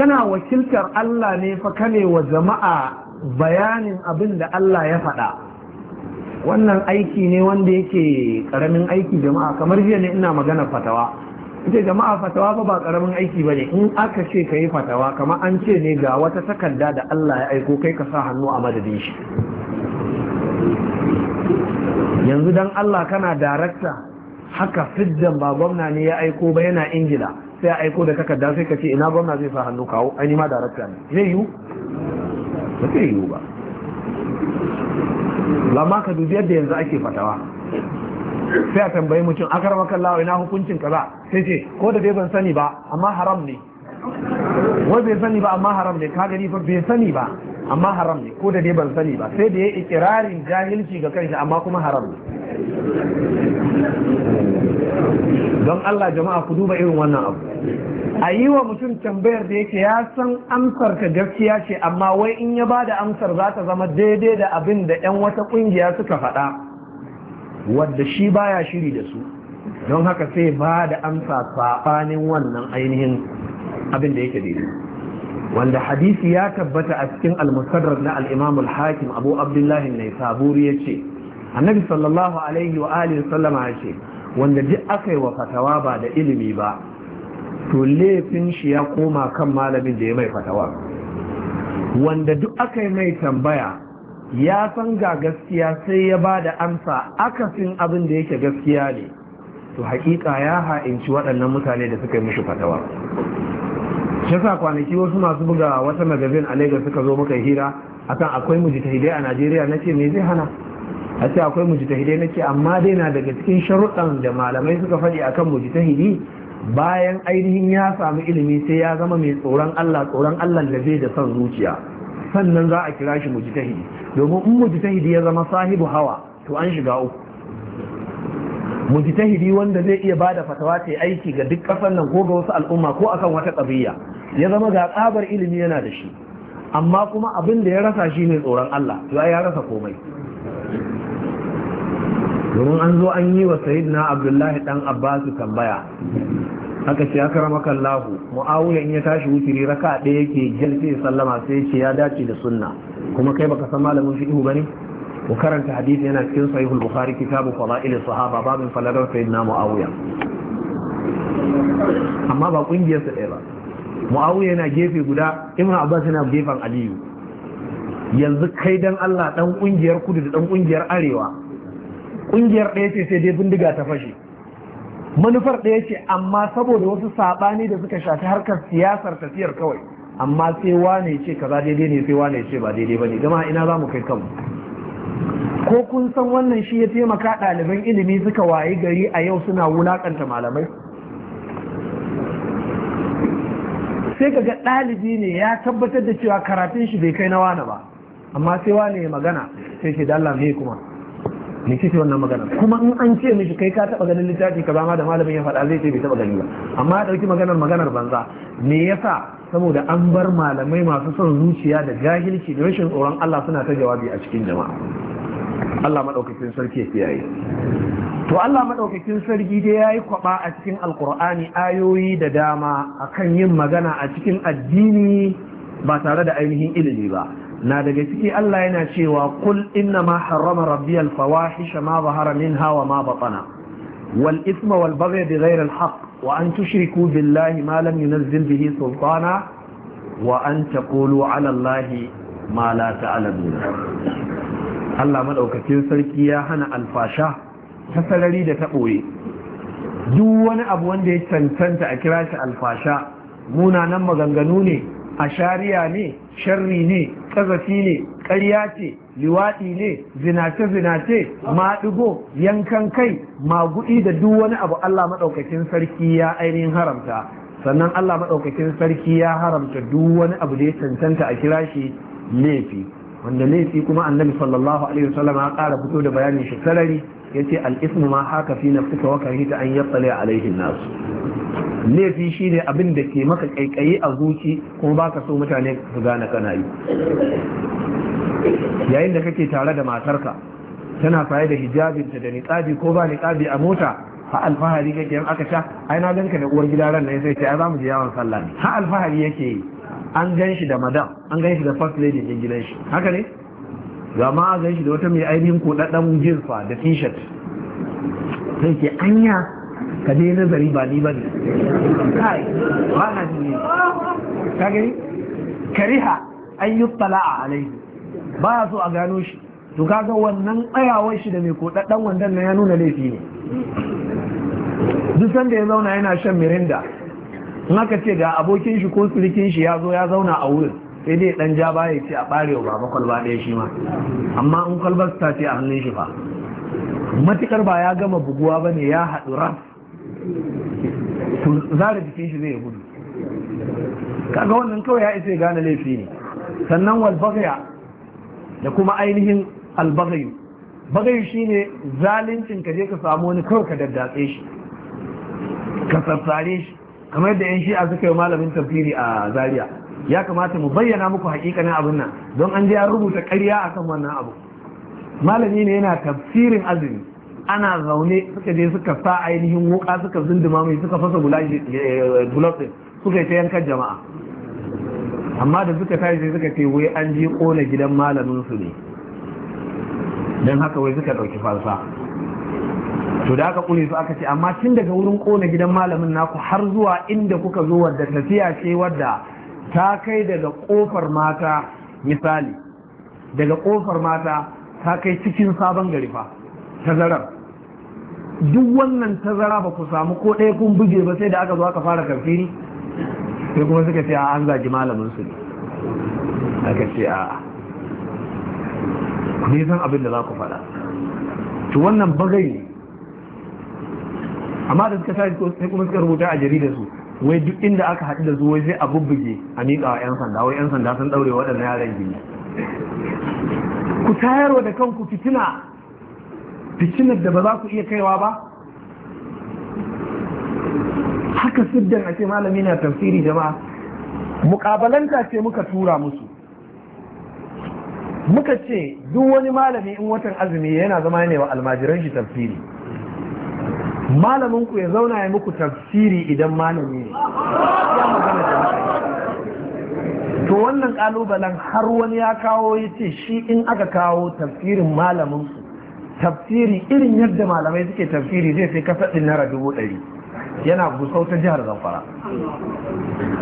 kana wakiltar Allah ne fa kane wa jama'a bayanin abin da Allah ya faɗa wannan aiki ne wanda yake ƙaramin aiki jama'a kamar jiya ne ina magana fatawa ita jama'a fatawa fa ba ƙaramin aiki ba ne in aka ce ka yi fatawa kamar an ce ne ga wata takarda da Allah ya aiko kai ka sa hannu a madadin shi yanzu dan Allah kana darakta haka fiddan ba gwamna ne ya aiko ba yana ingila sai aiko da takarda sai ka ce ina gwamna zai sa hannu kawo aini ma da darakta ne zai yiwu ba zai yiwu ba lamma ka dubi yadda yanzu ake fatawa sai a tambayi mutum a karama kallawa ina hukuncin kaza sai ce ko da dai ban sani ba amma haram ne wai bai sani ba amma haram ne ka gani fa bai sani ba amma haram ne ko da dai ban sani ba sai da ya ikirarin jahilci ga kanshi amma kuma haram ne don Allah jama'a ku duba irin wannan abu a yi wa mutum tambayar da yake ya san amsar ka gaskiya ce amma wai in ya bada amsar za ta zama daidai da abin da 'yan wata ƙungiya suka faɗa wadda shi baya shiri da su don haka sai ba da amsa saɓanin wannan ainihin abin da yake daidai wanda hadisi ya tabbata a cikin al na al-imam al-hakim abu abdullahi ne saburi ya ce annabi sallallahu alaihi wa alihi sallama ya wanda duk aka yi wa fatawa ba da ilimi ba to laifin shi ya koma kan malamin da ya mai fatawa wanda duk aka yi mai tambaya ya san ga gaskiya sai ya ba da amsa akasin abin da yake gaskiya ne to haƙiƙa ya ha'inci waɗannan mutane da suka yi mishi fatawa ya sa kwanaki wasu masu buga wata magazin a Lagos suka zo muka hira akan akwai mujtahidai a Najeriya ce me zai hana a ce akwai mujtahidai ce amma dai na daga cikin sharuɗan da malamai suka faɗi akan mujtahidi bayan ainihin ya samu ilimi sai ya zama mai tsoron Allah tsoron Allah da zai da son zuciya sannan za a kira shi mujtahidi domin in mujtahidi ya zama sahibu hawa to an shiga uku mujtahidi wanda zai iya bada fatawa ta aiki ga duk kasar nan ko ga wasu al'umma ko akan wata ƙabiya ya zama ga tsabar ilimi yana da shi amma kuma abin da ya rasa shi ne tsoron Allah ya ya rasa komai domin an zo an yi wa sayid na abdullahi dan abbasu tambaya aka ce aka rama kallahu mu'awiya in ya tashi wuturi raka ɗaya yake gyal ya sallama sai ce ya dace da sunna kuma kai baka san malamin ihu bane ku karanta hadisi yana cikin sahihul bukhari kitabu fadail sahaba babin faladar sayyidina mu'awiya amma ba kungiyar ɗaya ba muawiya yana gefe guda ibn abbas yana gefen aliyu yanzu kai dan Allah dan kungiyar kudu da dan kungiyar arewa kungiyar ɗaya ce sai dai bindiga ta fashe manufar ɗaya ce amma saboda wasu saɓani da suka shafi harkar siyasar tafiyar kawai amma sai wane ce kaza daidai ne sai wane ce ba daidai ba ne gama ina zamu kai kanmu ko kun san wannan shi ya taimaka ɗaliban ilimi suka wayi gari a yau suna wulaƙanta malamai sai ka ga ɗalibi ne ya tabbatar da cewa karatun shi bai kai na wane ba amma sai wane ya magana sai ce da Allah kuma ne kike wannan magana kuma in an ce mishi kai ka taba ganin littafi ka ma da malamin ya faɗa zai ce bai taba gani ba amma ya dauki maganar maganar banza me yasa saboda an bar malamai masu son zuciya da jahilci da rashin tsoron Allah suna ta jawabi a cikin jama'a Allah madaukakin sarki ya kiyaye to Allah maɗaukakin sarki dai ya yi kwaɓa a cikin alkur'ani ayoyi da dama a kan yin magana a cikin addini ba tare da ainihin ilimi ba na daga ciki Allah yana cewa kul inna ma harrama rabbi alfawahisha ma zahara minha hawa ma batana wal isma wal baghy bi ghayri al haqq wa an tushriku billahi ma lam yunzil bihi sultana wa an taqulu ala allahi ma la ta'lamun Allah madaukakin sarki ya hana alfasha ta sarari da ta ɓoye duk wani abu wanda ya cancanta a kira shi alfasha munanan maganganu ne a shari'a ne sharri ne ƙazafi ne ƙarya ce liwaɗi ne zinace-zinace maɗigo yankan kai maguɗi da duk wani abu allah maɗaukakin sarki ya ainihin haramta sannan allah maɗaukacin sarki ya haramta duk wani abu da ya cancanta a kira shi laifi wanda laifi kuma annabi sallallahu alaihi wasallam ya ƙara fito da bayanin shi sarari yace al-ismu ma haka fi suka waka hita an a alaihi nas laifi shine abin da ke maka kaikayi a zuci kuma baka so mutane su gane kana yi yayin da kake tare da matarka tana faye da hijabinta da niqabi ko ba niqabi a mota ha alfahari kake yan aka sha ai na ganka da uwar gida ran ne sai ce ai zamu je yawon sallah ne ha alfahari yake an gan shi da madam an gan shi da first lady din gidan shi haka ne ga ma gan shi da wata mai ainihin kudaden jirfa da t-shirt sai ke anya ka dai nazari ba ni ba ne kai ba na ne ka gani kariha an yi tala'a alaihi ba ya so a gano shi to ga wannan tsayawar shi da mai kudaden wandan na ya nuna laifi ne duk sanda ya zauna yana shan mirinda in aka ce ga abokin shi ko tsirikin shi ya zo ya zauna a wurin sai dai dan ja baya ce a barewa baba kwalba ɗaya shi ma amma in kwalbar ta ce a hannun shi fa matukar ba ya gama buguwa ba ne ya haɗu raf zara jikin shi zai gudu kaga wannan kawai ya isa gane laifi ne sannan walbagaya da kuma ainihin albagayu bagayu shine zalincin ka je ka samu wani kawai ka daddatse shi ka sassare shi kamar yadda yan shi'a suka yi malamin tafsiri a zaria ya kamata mu bayyana muku hakikanin abin nan don an je an rubuta ƙarya akan wannan abu malami ne yana tafsirin azumi ana zaune suka je suka sa ainihin wuka suka zunduma mai suka fasa gulasin eh, suka yi ta yankar jama'a amma da suka tashi suka ce wai an je kona gidan malamin su ne don haka wai suka ɗauki falsa to da aka kure su aka ce amma tun daga wurin kona gidan malamin naku har zuwa inda kuka zo wadda tafiya ce wadda ta kai daga ƙofar mata misali daga ƙofar mata ta kai cikin sabon gari fa tazarar duk wannan tazara ba ku samu ko ɗaya kun buje ba sai da aka zo aka fara ne sai kuma suka ce a an zagi malamin su ne aka ce a ku ne san abin da za ku faɗa to wannan bagai ne amma da suka sai kuma suka rubuta a jaridar su wai duk inda aka haɗu da zuwa zai a bubbuge a miƙa wa 'yan sanda wai 'yan sanda sun ɗaure waɗannan yaran gini ku tayarwa da kanku fitina fitinar da ba za ku iya kaiwa ba haka siddan a ce malami na tafsiri jama'a mukabalanta ce muka tura musu muka ce duk wani malami in watan azumi yana zama ne wa almajiran shi tafsiri malamin ku ya zauna ya muku tafsiri idan malami ne ya magana da to wannan kalubalen har wani ya kawo ya ce shi in aka kawo tafsirin malamin tafsiri irin yadda malamai suke tafsiri zai sai kasa din naira dubu ɗari yana gusau ta jihar zamfara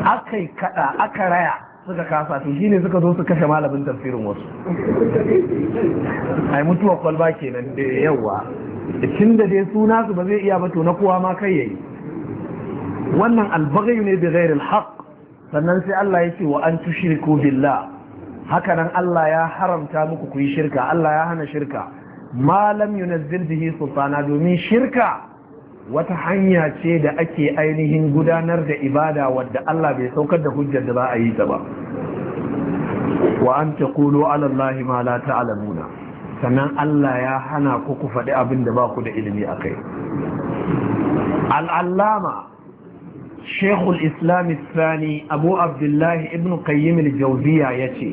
aka yi kaɗa aka raya suka kasa to shi suka zo su kashe malamin tafsirin wasu ai mutuwa kwalba kenan da eh, yawa tun da dai suna su ba zai iya ba to na kowa ma kai yayi wannan albaghi ne bi ghairi sannan sai Allah ya ce wa an tushriku billah haka nan Allah ya haramta muku ku yi shirka Allah ya hana shirka ma lam yunazzil bihi sultana domin shirka wata hanya ce da ake ainihin gudanar da ibada wadda Allah bai saukar da hujjar da za a yi ta ba wa an taqulu ala Allah ma la ta'lamun sannan Allah ya hana ku ku faɗi abin da ba ku da ilimi a kai al'allama shekul islam sani abu abdullahi ibn Kayyimil jauziya ya ce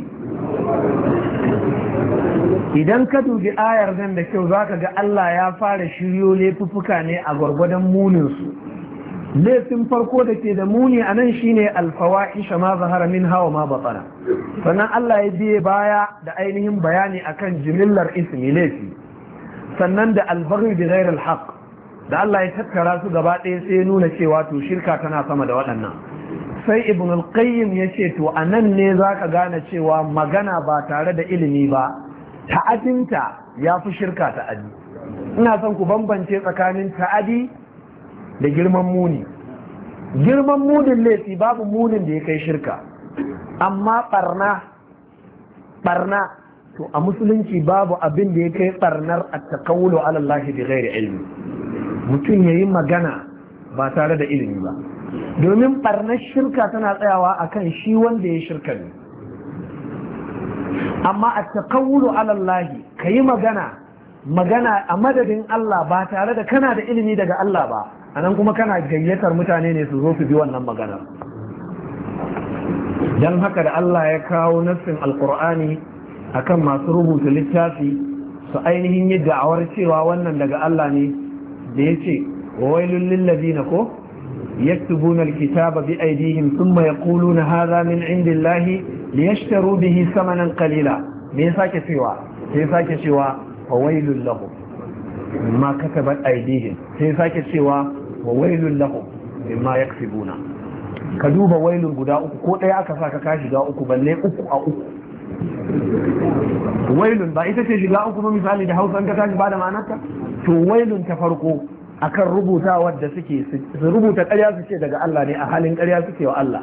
idan ka dubi ayar nan da kyau za ka ga Allah ya fara shiryo laifuffuka ne a gwargwadon muninsu laifin farko da ke da muni a nan shine alfawahisha ma zahara min hawa ma batsana sannan Allah ya biye baya da ainihin bayani akan jimillar ismi laifi sannan da albaghi bi ghairi alhaq da Allah ya tattara su gaba ɗaya sai ya nuna cewa to shirka tana sama da waɗannan sai ibn al-qayyim ya ce to a nan ne zaka gane cewa magana ba tare da ilimi ba ta'adinta ya fi shirka ta'adi ina son ku bambance tsakanin ta'adi da girman muni girman munin laifi babu munin da ya kai shirka amma barna barna to a musulunci babu abin da ya kai barnar a takawulo alallahi da gairi ilmi mutum ya yi magana ba tare da ilimi ba domin barnar shirka tana tsayawa akan shi wanda ya shirka ne amma a takawulo alallahi ka yi magana magana a madadin Allah ba tare da kana da ilimi daga Allah ba a nan kuma kana gayyatar mutane ne su zo su bi wannan magana don haka da Allah ya kawo nassin alkur'ani akan masu rubuta littafi su ainihin yi da'awar cewa wannan daga Allah ne da ya ce wailun na ko yaktubuna alkitaba bi aydihim kulu na hadha min indillahi liyashtaru bihi nan qalila me yasa ke cewa sai sake cewa fa wailul lahum mimma katabat aydihim sai sake cewa wa wailul lahum mimma yaksibuna ka duba wailun guda uku ko ɗaya aka saka ka ka shiga uku balle uku a uku wailun ba ita ce shiga uku ba misali da hausa an ka tashi ba da ma'anarta to wailun ta farko akan rubuta wadda suke su rubuta ƙarya su ce daga Allah ne a halin ƙarya suke wa Allah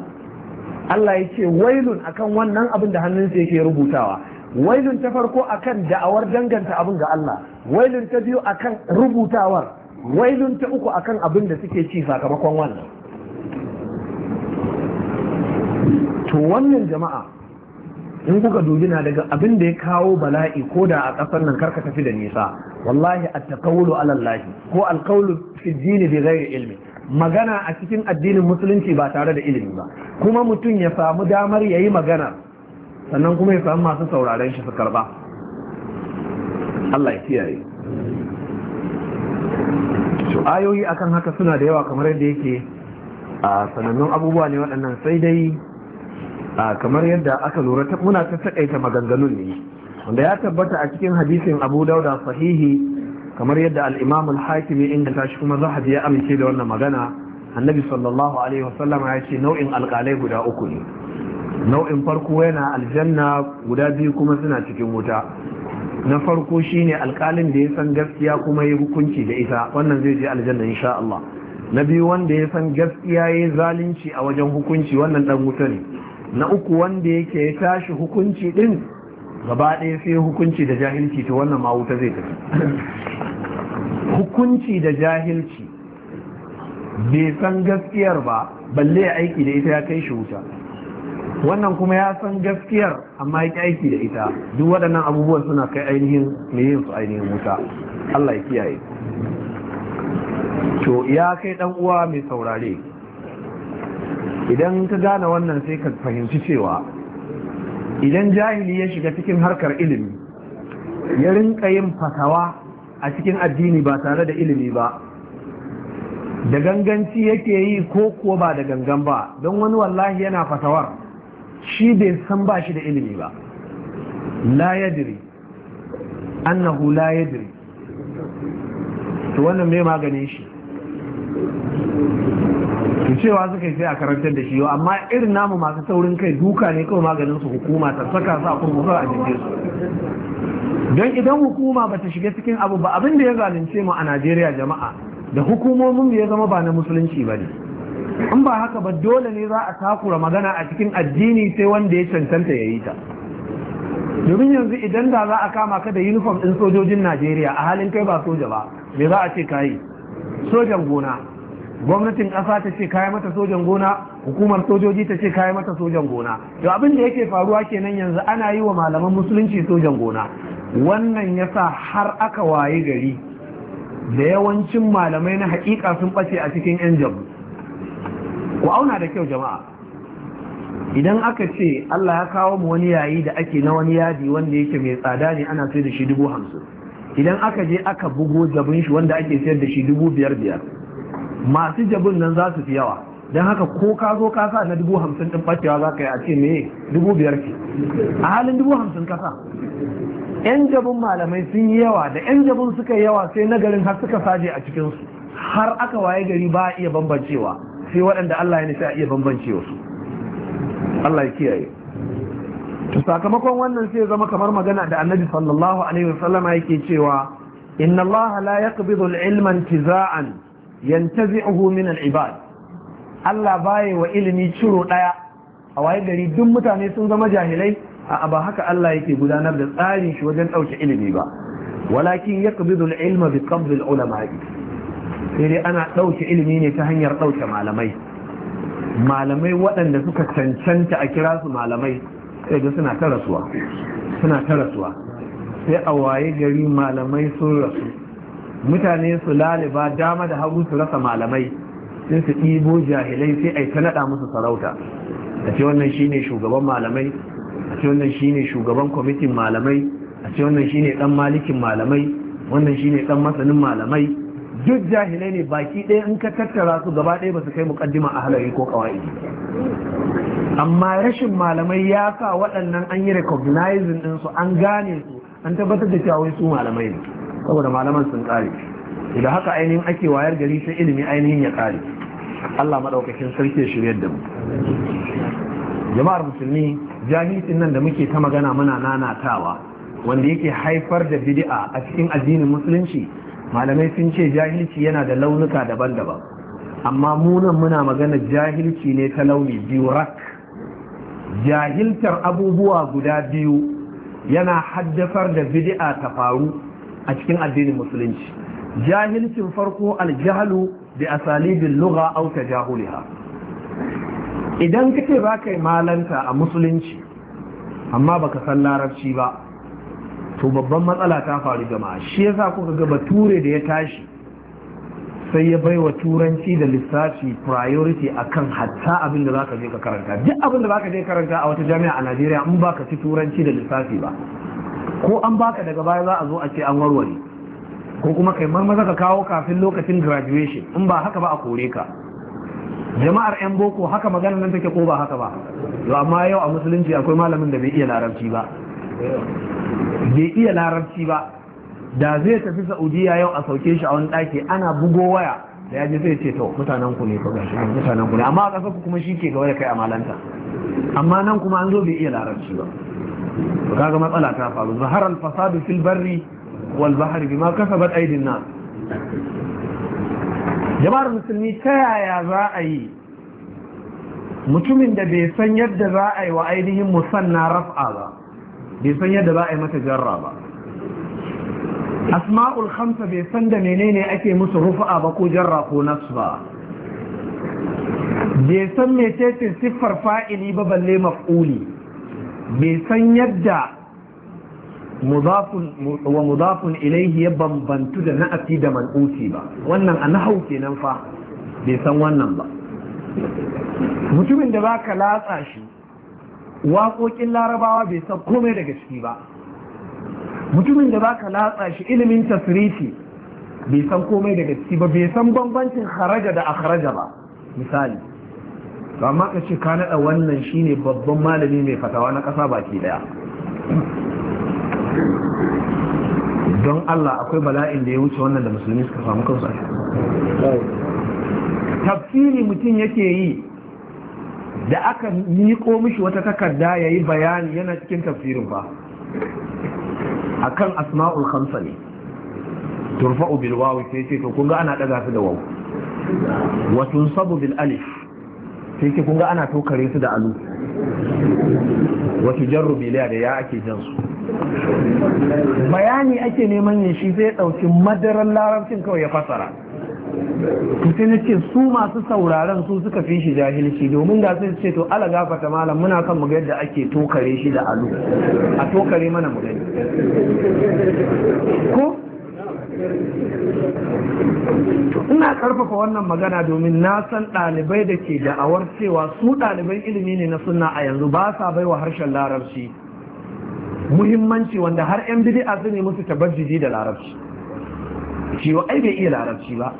Allah ya ce wailun akan wannan abin da hannun hannunsa yake rubutawa wailun ta farko akan da'awar danganta abin ga Allah wailun ta biyu akan rubutawar wailun ta uku akan abin da suke ci sakamakon wannan to wannan jama'a in kuka dubi na daga abin da ya kawo bala'i ko da a ƙasar nan karka tafi da nisa wallahi at taqawlu ala allahi ko al qawlu fi dini bi ghairi ilmi magana a cikin addinin musulunci ba tare da ilimi ba kuma mutum ya samu damar yayi magana sannan kuma ya samu masu sauraren shi su karba Allah ya kiyaye to ayoyi akan haka suna da yawa kamar yadda yake a sanannun abubuwa ne waɗannan sai dai kamar yadda aka lura ta muna ta taƙaita maganganun ne wanda ya tabbata a cikin hadisin abu dauda sahihi kamar yadda al-imam al-hakim ya inganta shi kuma zahabi ya amince da wannan magana annabi sallallahu alaihi wasallam ya ce nau'in alƙalai guda uku ne nau'in farko yana aljanna guda biyu kuma suna cikin wuta na farko shine alkalin da ya san gaskiya kuma ya hukunci da ita wannan zai je aljanna insha Allah na biyu wanda ya san gaskiya ya zalunci a wajen hukunci wannan dan wuta ne na uku wanda yake ya tashi hukunci din gaba ɗaya sai hukunci da jahilci to wannan ma wuta zai tafi hukunci da jahilci bai san gaskiyar ba balle aiki da ita ya kai shi wuta wannan kuma ya san gaskiyar amma ya aiki da ita duk waɗannan abubuwan suna kai ainihin mai yin su ainihin wuta Allah ya kiyaye to ya kai dan uwa mai saurare idan ka gane wannan sai ka fahimci cewa idan jahili ya shiga cikin harkar ilimi ya rinka yin fasawa a cikin addini ba tare da ilimi ba da ganganci yake yi ko kuwa ba da gangan ba don wani wallahi yana fasawar. shi bai san ba shi da ilimi ba la yadri annahu la yadri to wannan mai maganin shi to cewa suka yi sai a karantar da shi yau amma irin namu masu saurin kai duka ne kawai maganin su hukuma ta saka su a kurkuka a jirgin su don idan hukuma ba ta shiga cikin abu ba abin da ya zalunce mu a najeriya jama'a da hukumomin ya zama ba na musulunci ba ne in ba haka ba dole ne za a takura magana a cikin addini sai wanda ya cancanta ya yi ta domin yanzu idan da za a kama ka da uniform ɗin sojojin najeriya a halin kai ba soja ba me za a ce kayi sojan gona gwamnatin ƙasa ta ce kayi mata sojan gona hukumar sojoji ta ce kayi mata sojan gona to abin da yake faruwa kenan yanzu ana yi wa malaman musulunci sojan gona wannan yasa har aka waye gari da yawancin malamai na haƙiƙa sun ɓace a cikin 'yan jamus ku auna da kyau jama'a idan aka ce Allah ya kawo mu wani yayi da ake na wani yadi wanda yake mai tsada ne ana sai da shi dubu hamsin idan aka je aka bugo jabin shi wanda ake sayar da shi dubu biyar biyar masu jabin nan za su fi yawa don haka ko ka zo ka sa na dubu hamsin din ɓacewa za ka yi a ce me dubu biyar ce a halin dubu hamsin ka sa yan jabin malamai sun yi yawa da yan jabin suka yi yawa sai na garin har suka saje a cikinsu har aka waye gari ba a iya bambancewa sai waɗanda Allah ya nufi a iya bambance wasu Allah ya kiyaye to sakamakon wannan sai zama kamar magana da annabi sallallahu alaihi wasallama yake cewa inna Allah la yaqbidu al-ilma intiza'an yantazi'uhu min al-ibad Allah baya wa ilimi ciro daya a waye gari duk mutane sun zama jahilai a ba haka Allah yake gudanar da tsarin shi wajen dauke ilimi ba walakin yaqbidu al-ilma bi qabdi al-ulama'i sai dai ana ɗauke ilimi ne ta hanyar ɗauke malamai malamai waɗanda suka cancanta a kira su malamai sai da suna ta rasuwa suna ta rasuwa sai a waye gari malamai sun rasu mutane su laliba dama da hagu su rasa malamai sai su ɗibo jahilai sai a ta naɗa musu sarauta a ce wannan shine shugaban malamai a ce wannan shine shugaban kwamitin malamai a ce wannan shine ɗan malikin malamai wannan shine ɗan masanin malamai duk jahilai ne baki ɗaya in ka tattara su gaba ɗaya ba su kai mukaddima a halari ko kawai amma rashin malamai ya sa waɗannan an yi recognizing su an gane su an tabbatar da cewa su malamai ne saboda malaman sun ƙare idan haka ainihin ake wayar gari sai ilimi ainihin ya ƙare Allah maɗaukakin sarki ya da mu jama'ar musulmi jahilcin nan da muke ta magana muna nanatawa wanda yake haifar da bid'a a cikin addinin musulunci malamai sun ce jahilci yana da launuka daban-daban amma munan muna magana jahilci ne ta launi biyu rak jahiltar abubuwa guda biyu yana haddafar da bidi'a ta faru a cikin addinin musulunci jahilcin farko aljahalu bi asalibin lugha aw tajahuliha idan kake ba kai malanta a musulunci amma baka san larabci ba to babban matsala ta faru gama shi ya yasa kuka ga bature da ya tashi sai ya baiwa turanci da lissafi priority a kan hatta abin da ka je ka karanta duk abin da ka je karanta a wata jami'a a Najeriya in ka ci turanci da lissafi ba ko an baka daga baya za a zo a ce an warware ko kuma kai marmaza ka kawo kafin lokacin graduation in ba haka ba a kore ka jama'ar yan boko haka magana nan take ko ba haka ba amma yau a musulunci akwai malamin da bai iya larabci ba bai iya larabci ba da zai tafi saudiya yau a sauke shi a wani ɗaki ana bugo waya da ya je zai ce to mutanen ku ne kuma gashi mutanen ku ne amma a ƙasar ku kuma shi ke gaba da kai a malanta amma nan kuma an zo bai iya larabci ba to kaga matsala ta faru zahar al fasadu fil barri wal bahri bima kasabat aydin nas jama'ar musulmi ta yaya za a yi mutumin da bai san yadda za a yi wa ainihin musanna raf'a ba bai san yadda za a yi mata jarra ba asma'ul khamsa bai san da menene ake musu rufa'a ba ko jarra ko nasu ba bai san mecece siffar fa'ili ba balle maf'uli bai san yadda wa mudafun ilaihi ya bambantu da na'afi da man'uti ba wannan a nahau kenan fa bai san wannan ba mutumin da ka latsa shi waƙoƙin larabawa bai san komai daga ciki ba mutumin da baka latsa shi ilimin tasiriti bai san komai daga ciki ba bai san bambancin haraja da akharaja ba misali to amma ka ce ka naɗa wannan shine babban malami mai fatawa na ƙasa baki daya don Allah akwai bala'in da ya wuce wannan da musulmi suka samu kansu a tafsiri mutum yake yi da aka miƙo mishi wata takarda ya yi bayani yana cikin tafsirin ba a kan asma'ul hamsa ne turfa'u bil wawu sai ce to kunga ana ɗaga su da wawu watun sabu bil alif sai ce kunga ana tokare su da alu wasu jarru biliya da ya ake jan su bayani ake neman yin shi zai ɗauki madarar larabcin kawai ya fasara sai ce su masu sauraron su suka fi shi jahilci domin da sun ce to ala gafata malam muna kan mu yadda ake tokare shi da alu a tokare mana mu gani ko ina karfafa wannan magana domin na san ɗalibai da ke da'awar cewa su ɗalibai ilimi ne na sunna a yanzu ba sa bai wa harshen larabci muhimmanci wanda har 'yan bidi a ne musu tabajiji da larabci ciwo ai bai iya larabci ba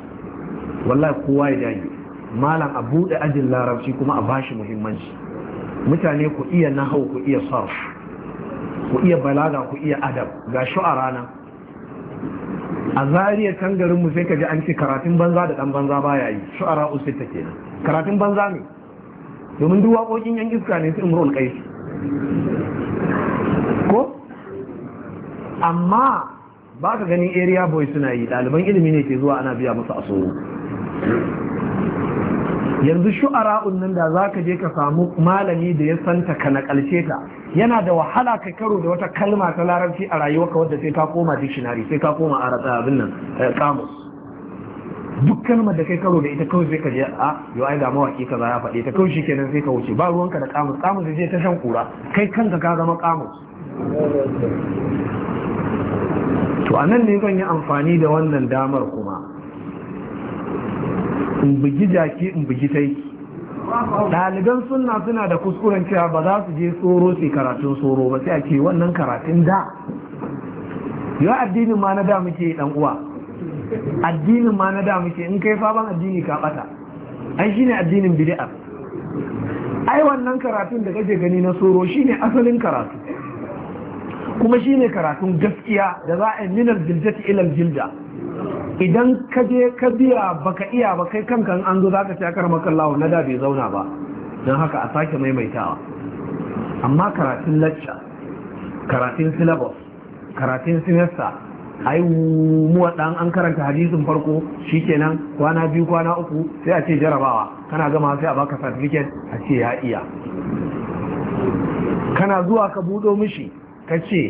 wallahi kowa ya dage malam a buɗe ajin larabci kuma a bashi muhimmanci mutane ku iya nahau ku iya sarf ku iya balaga ku iya adab ga a rana a zariya kan garin mu sai ka ji an ce karatun banza da dan banza baya yi shu'ara ta kenan karatun banza ne domin duk waƙoƙin yan iska ne su imrul qais ko amma ba ka ganin area boy suna yi ɗaliban ilimi ne ke zuwa ana biya musu a tsoro yanzu shu'ara'un nan da za ka je ka samu malami da ya santa ka na ƙalce ta yana da wahala ka karo da wata kalma ta larabci a rayuwarka wadda sai ka koma dictionary sai ka koma a abin nan eh, kamus duk kalmar da kai karo da ita kawai sai ka je a ah, yau ai ga mawaki ka ya faɗe ta kawai shikenan sai ka wuce ba ruwanka da kamus kamus sai ta shan kura kai kanka ka zama kamus to anan ne zan yi amfani da wannan damar kuma in bugi jaki in bugi taiki ɗaliban sunna suna da kuskuren cewa ba za su je tsoro su karatun tsoro ba sai a ce wannan karatun da Yo addinin ma na da muke dan uwa addinin ma na da muke in kai sabon addini ka bata ai shine addinin bid'a ai wannan karatun da kake gani na tsoro shine asalin karatu kuma shi ne karatun gaskiya da za a yi minar jiljati ilal jilda idan ka je ka biya baka iya ba kai kanka an zo zaka ka shakar makallawo na da bai zauna ba don haka a sake maimaitawa amma karatun lacca karatun syllabus karatun semester ai mu dan an karanta hadisin farko shi shikenan kwana biyu kwana uku sai a ce jarabawa kana gama sai a baka certificate a ce ya iya kana zuwa ka budo mishi ka ce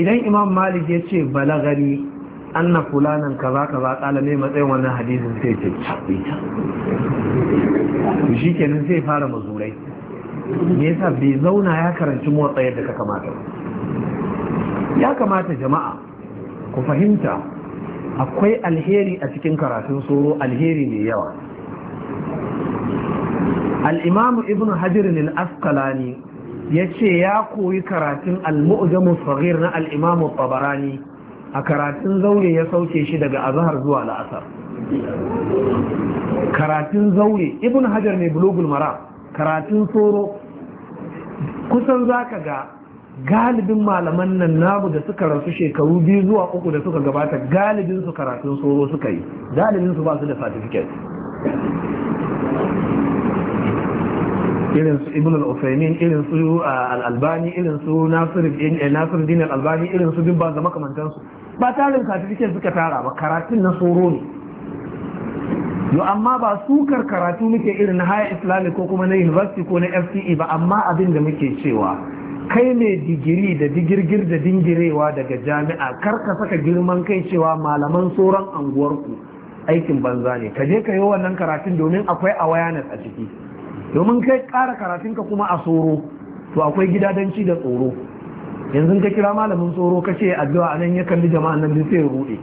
idan imam malik ya ce balagari anna fulanan kaza kaza kala ne matsayin wannan hadisin sai ce to shi kenan sai fara mazurai me yasa bai zauna ya karanci motsa yadda ka kamata ya kamata jama'a ku fahimta akwai alheri a cikin karatun soro alheri mai yawa al'imamu ibn hajjirin al'askalani ya ce ya koyi karatun al-mu'jamu saghir na al-imamu tabarani a karatun zaure ya sauke shi daga azahar zuwa la'asar karatun zaure ibn hajar ne bulugul Mara, karatun tsoro kusan zaka ga galibin malaman nan nabu da suka rasu shekaru biyu zuwa uku da suka gabata galibin karatun tsoro suka yi galibin su ba su da certificate irin su ibn al usaymin irin su al-albani irin su eh, nasir din al-albani irin su bin ba zama kamantansu ba tarin certificate suka tara ba karatun na tsoro ne yo amma ba sukar karatu muke irin na haya islamic ko kuma na university ko na fce ba amma abin da muke cewa kai ne digiri da digirgir da dingirewa daga jami'a kar ka saka girman kai cewa malaman sauran anguwarku aikin banza ne ka je ka yi wannan karatun domin akwai awareness a ciki domin kai ƙara karatunka kuma a tsoro to akwai gidadanci da tsoro yanzu ka kira malamin tsoro ka ce addu'a nan ya kalli jama'a nan duk sai rude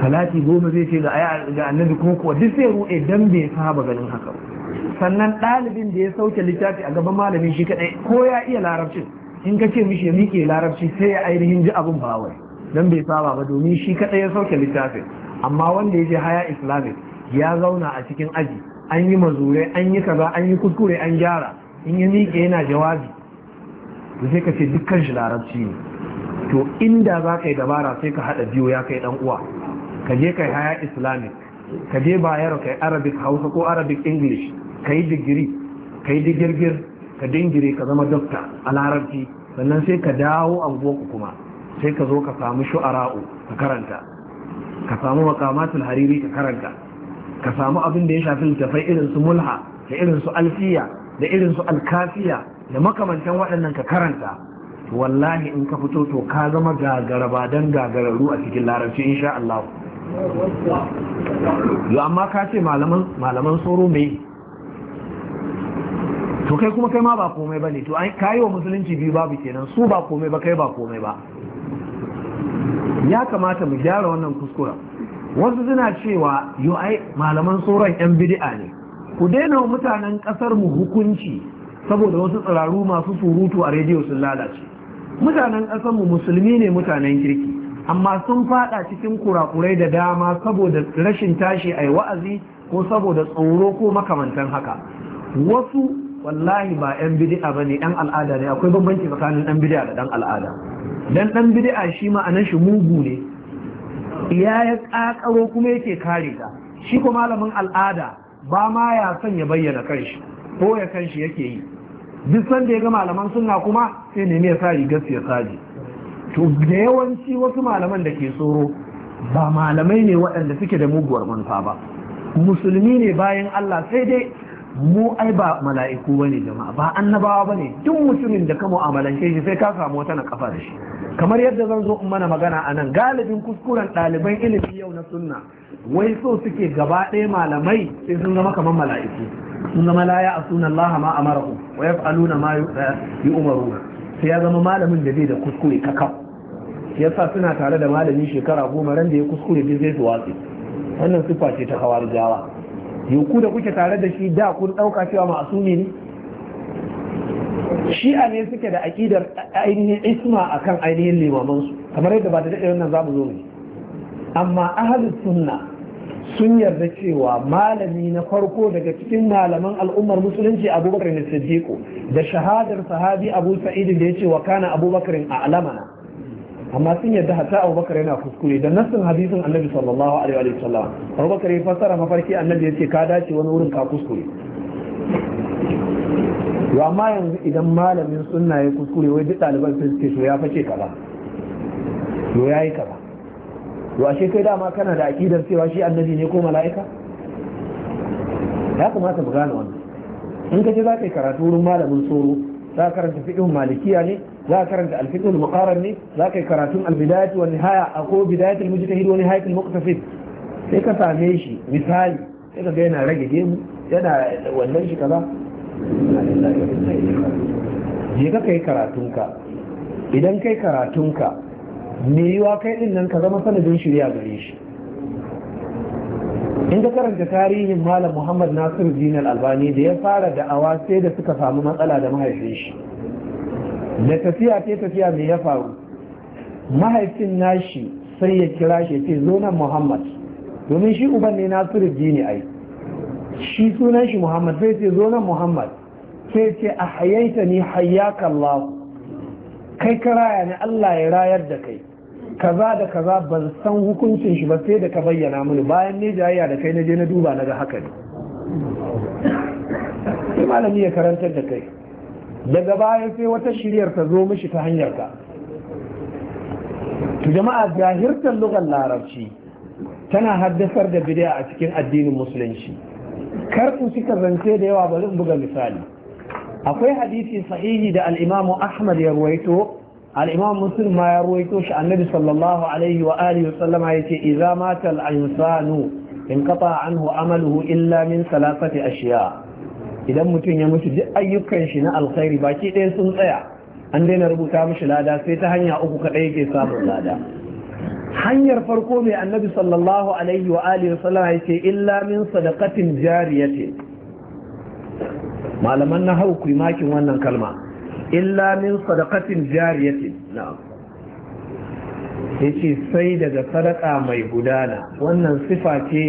salati goma zai ce ga annabi kuma kuwa duk sai rude dan bai saba ganin haka sannan ɗalibin da ya sauke littafi a gaban malamin shi kadai ko ya iya larabcin in ka ce mishi ya miƙe larabci sai ya ainihin ji abin ba wai dan bai saba ba domin shi kaɗai ya sauke littafin amma wanda ya je haya islamic ya zauna a cikin aji an yi mazure an yi kaza an yi kuskure an gyara in yi miƙe yana jawabi to sai ka ce dukkan shi larabci ne to inda za ka yi dabara sai ka haɗa biyu ya kai ɗan uwa ka je kai haya islamic ka je ka yi arabic hausa ko arabic english ka yi digiri ka yi digirgir ka dingire ka zama dokta a larabci sannan sai ka dawo anguwanku kuma sai ka zo ka samu shu'ara'u ka karanta ka samu makamatul hariri ka karanta ka samu abin da ya shafi littafai irin su mulha da irin su alfiya da irin su alkafiya da makamantan waɗannan ka karanta wallahi in ka fito to ka zama gagaraba don gagararru a cikin larabci insha Allah yo amma ka ce malaman malaman soro me to kai kuma kai ma ba komai ba to ka yi wa musulunci biyu babu kenan su ba komai ba kai ba komai ba ya kamata mu gyara wannan kuskuren wasu suna cewa yo malaman tsoron yan bid'a ne ku daina wa mutanen kasar mu hukunci saboda wasu tsiraru masu surutu a rediyo sun lalace mutanen kasar mu musulmi ne mutanen kirki amma sun fada cikin kurakurai da dama saboda rashin tashi yi wa'azi ko saboda tsoro ko makamantan haka wasu wallahi ba yan bidi'a ba ne yan al'ada ne akwai bambanci tsakanin dan bidi'a da dan al'ada dan dan bidi'a shi ma'anar shi mugu ne ya ya ƙaƙaro kuma yake kare ta shi ko malamin al'ada ba ma ya son ya bayyana kanshi ko ya kanshi yake yi duk sanda ya ga malaman suna kuma sai nemi ya sa rigar ya to da yawanci wasu malaman da ke tsoro ba malamai ne waɗanda suke da muguwar manufa ba musulmi ne bayan Allah sai dai mu ai ba mala'iku bane jama'a ba annabawa bane duk mutumin da ka mu'amalance shi sai ka samu wata na kafa da shi kamar yadda zan zo in mana magana a nan galibin kuskuren ɗaliban ilimi yau na sunna wai so suke gaba ɗaya malamai sai sun zama kamar mala'iku sun zama laya a sunan Allah ma amarahu wa yaf'aluna ma eh, yu'maruna sai ya zama malamin da bai da kuskure kakaf yasa suna tare da malamin shekara goma ran da ya kuskure bai zai su watsi wannan sifa ce ta hawar jawa ku da kuke tare da shi da kun ɗauka cewa ma'asumi ne shi'a ne suke da aƙidar ainihin isma a kan ainihin limamansu kamar yadda ba da daɗe wannan za mu zo ne amma ahalus sunna sun yarda cewa malami na farko daga cikin malaman al'ummar musulunci abubakar ne da shahadar sahabi abu sa'id da ya ce wa kana abubakar a alamana amma sun yadda hatta abubakar yana kuskure da nassin hadisin annabi sallallahu alaihi wa sallam abubakar ya fassara mafarki annabi yace ka dace wani wurin ka kuskure to amma yanzu idan malamin sunna ya kuskure wai duk ɗaliban sun ce to ya ka ba to yayi ba to ashe kai dama kana da akidar cewa shi annabi ne ko mala'ika ya kamata mu gane wannan in ka ce za ka yi karatu wurin malamin tsoro za ka karanta fiqhul malikiya ne za ka karanta al-fiqhul muqarrar ne za ka yi karatun al wani haya, a ko bidayatul mujtahid wa nihayatul muqtasid sai ka same shi misali sai ka ga yana rage gemu yana wannan shi kaza je ka kai karatun ka, idan kai karatun ka, me yiwa kai din nan ka zama sanadin shirya gare shi in ka karanta tarihin malam muhammad nasiru dinar albani da ya fara da'awa sai da suka samu matsala da mahaifin shi da tafiya ce tafiya mai ya faru mahaifin nashi sai ya kira shi ce zo muhammad domin shi uban ne nasiru dini ai shi sunan shi muhammad sai ce zo nan muhammad sai ce a hayaita ni hayyakallahu kai ka raya ne allah ya rayar da kai kaza da kaza ban san hukuncin shi ba sai da ka bayyana mini bayan ne jayayya da kai na je na duba na ga haka ne sai malami ya karantar da kai daga baya sai wata shiryar ta zo mishi ta hanyar ka to jama'a jahirtar lugar larabci tana haddasar da bid'a a cikin addinin musulunci kar ku cika zance da yawa bari in buga misali akwai hadisi sahihi da al-imamu ahmad ya ruwaito alimam imam ma ya ruwaito shi annabi sallallahu alaihi wa alihi wasallama yace idza mata In kafa an anhu amaluhu illa min salasati ashiya idan mutum ya mutu duk ayyukan shi na alkhairi baki ɗaya sun tsaya an daina rubuta mishi lada sai ta hanya uku kaɗai yake samun lada hanyar farko mai annabi sallallahu alaihi wa alihi wasallam yace illa min sadaqatin jariyatin malaman na hau ku makin wannan kalma illa min sadaqatin jariyatin na'am yace sai daga sadaka mai gudana wannan sifa ce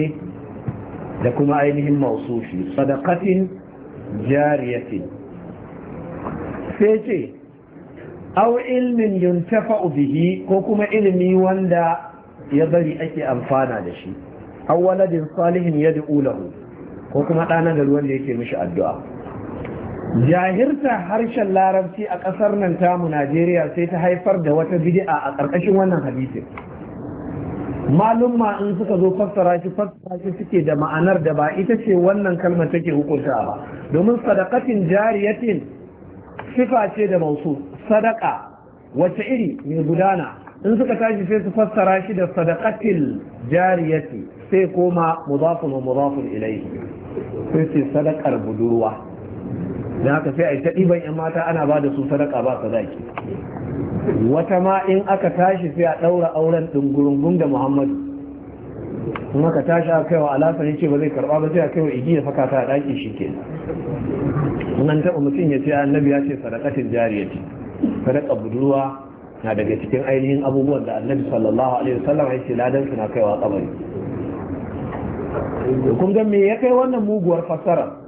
da kuma ainihin mausufi sadaqatin jariyatin sai ce aw ilmin yuntafa'u bihi ko kuma ilimi wanda ya bari ake amfana da shi aw waladin salihin yad'u lahu ko kuma ɗana gari wanda yake mishi addu'a jahirta harshen larabci a ƙasar nan tamu najeriya sai ta haifar da wata bidi'a a ƙarƙashin wannan hadisin malumma in suka zo fassara shi fassara shi suke da ma'anar da ba ita ce wannan kalmar take hukunta ba domin sadakatin jariyatin sifa ce da mausu sadaka wace iri mai gudana in suka tashi sai su fassara shi da sadakatil jariyati sai koma mudafun wa mudafun ilaihi sai sai sadakar budurwa don haka sai a yi ta ɗiban 'yan mata ana ba da su sadaka ba zaki. wata ma in aka tashi sai a ɗaura auren ɗungurungun da muhammadu Kuma aka tashi a kaiwa alasani ce ba zai karɓa ba sai a kaiwa igiya saka ta ɗaki shi ke nan taɓa mutum ya ce annabi ya ce sadakatin jariya ce sadaka budurwa na daga cikin ainihin abubuwan da annabi sallallahu alaihi wasallam ya ce ladan su na kaiwa kabari kun me ya kai wannan muguwar fassara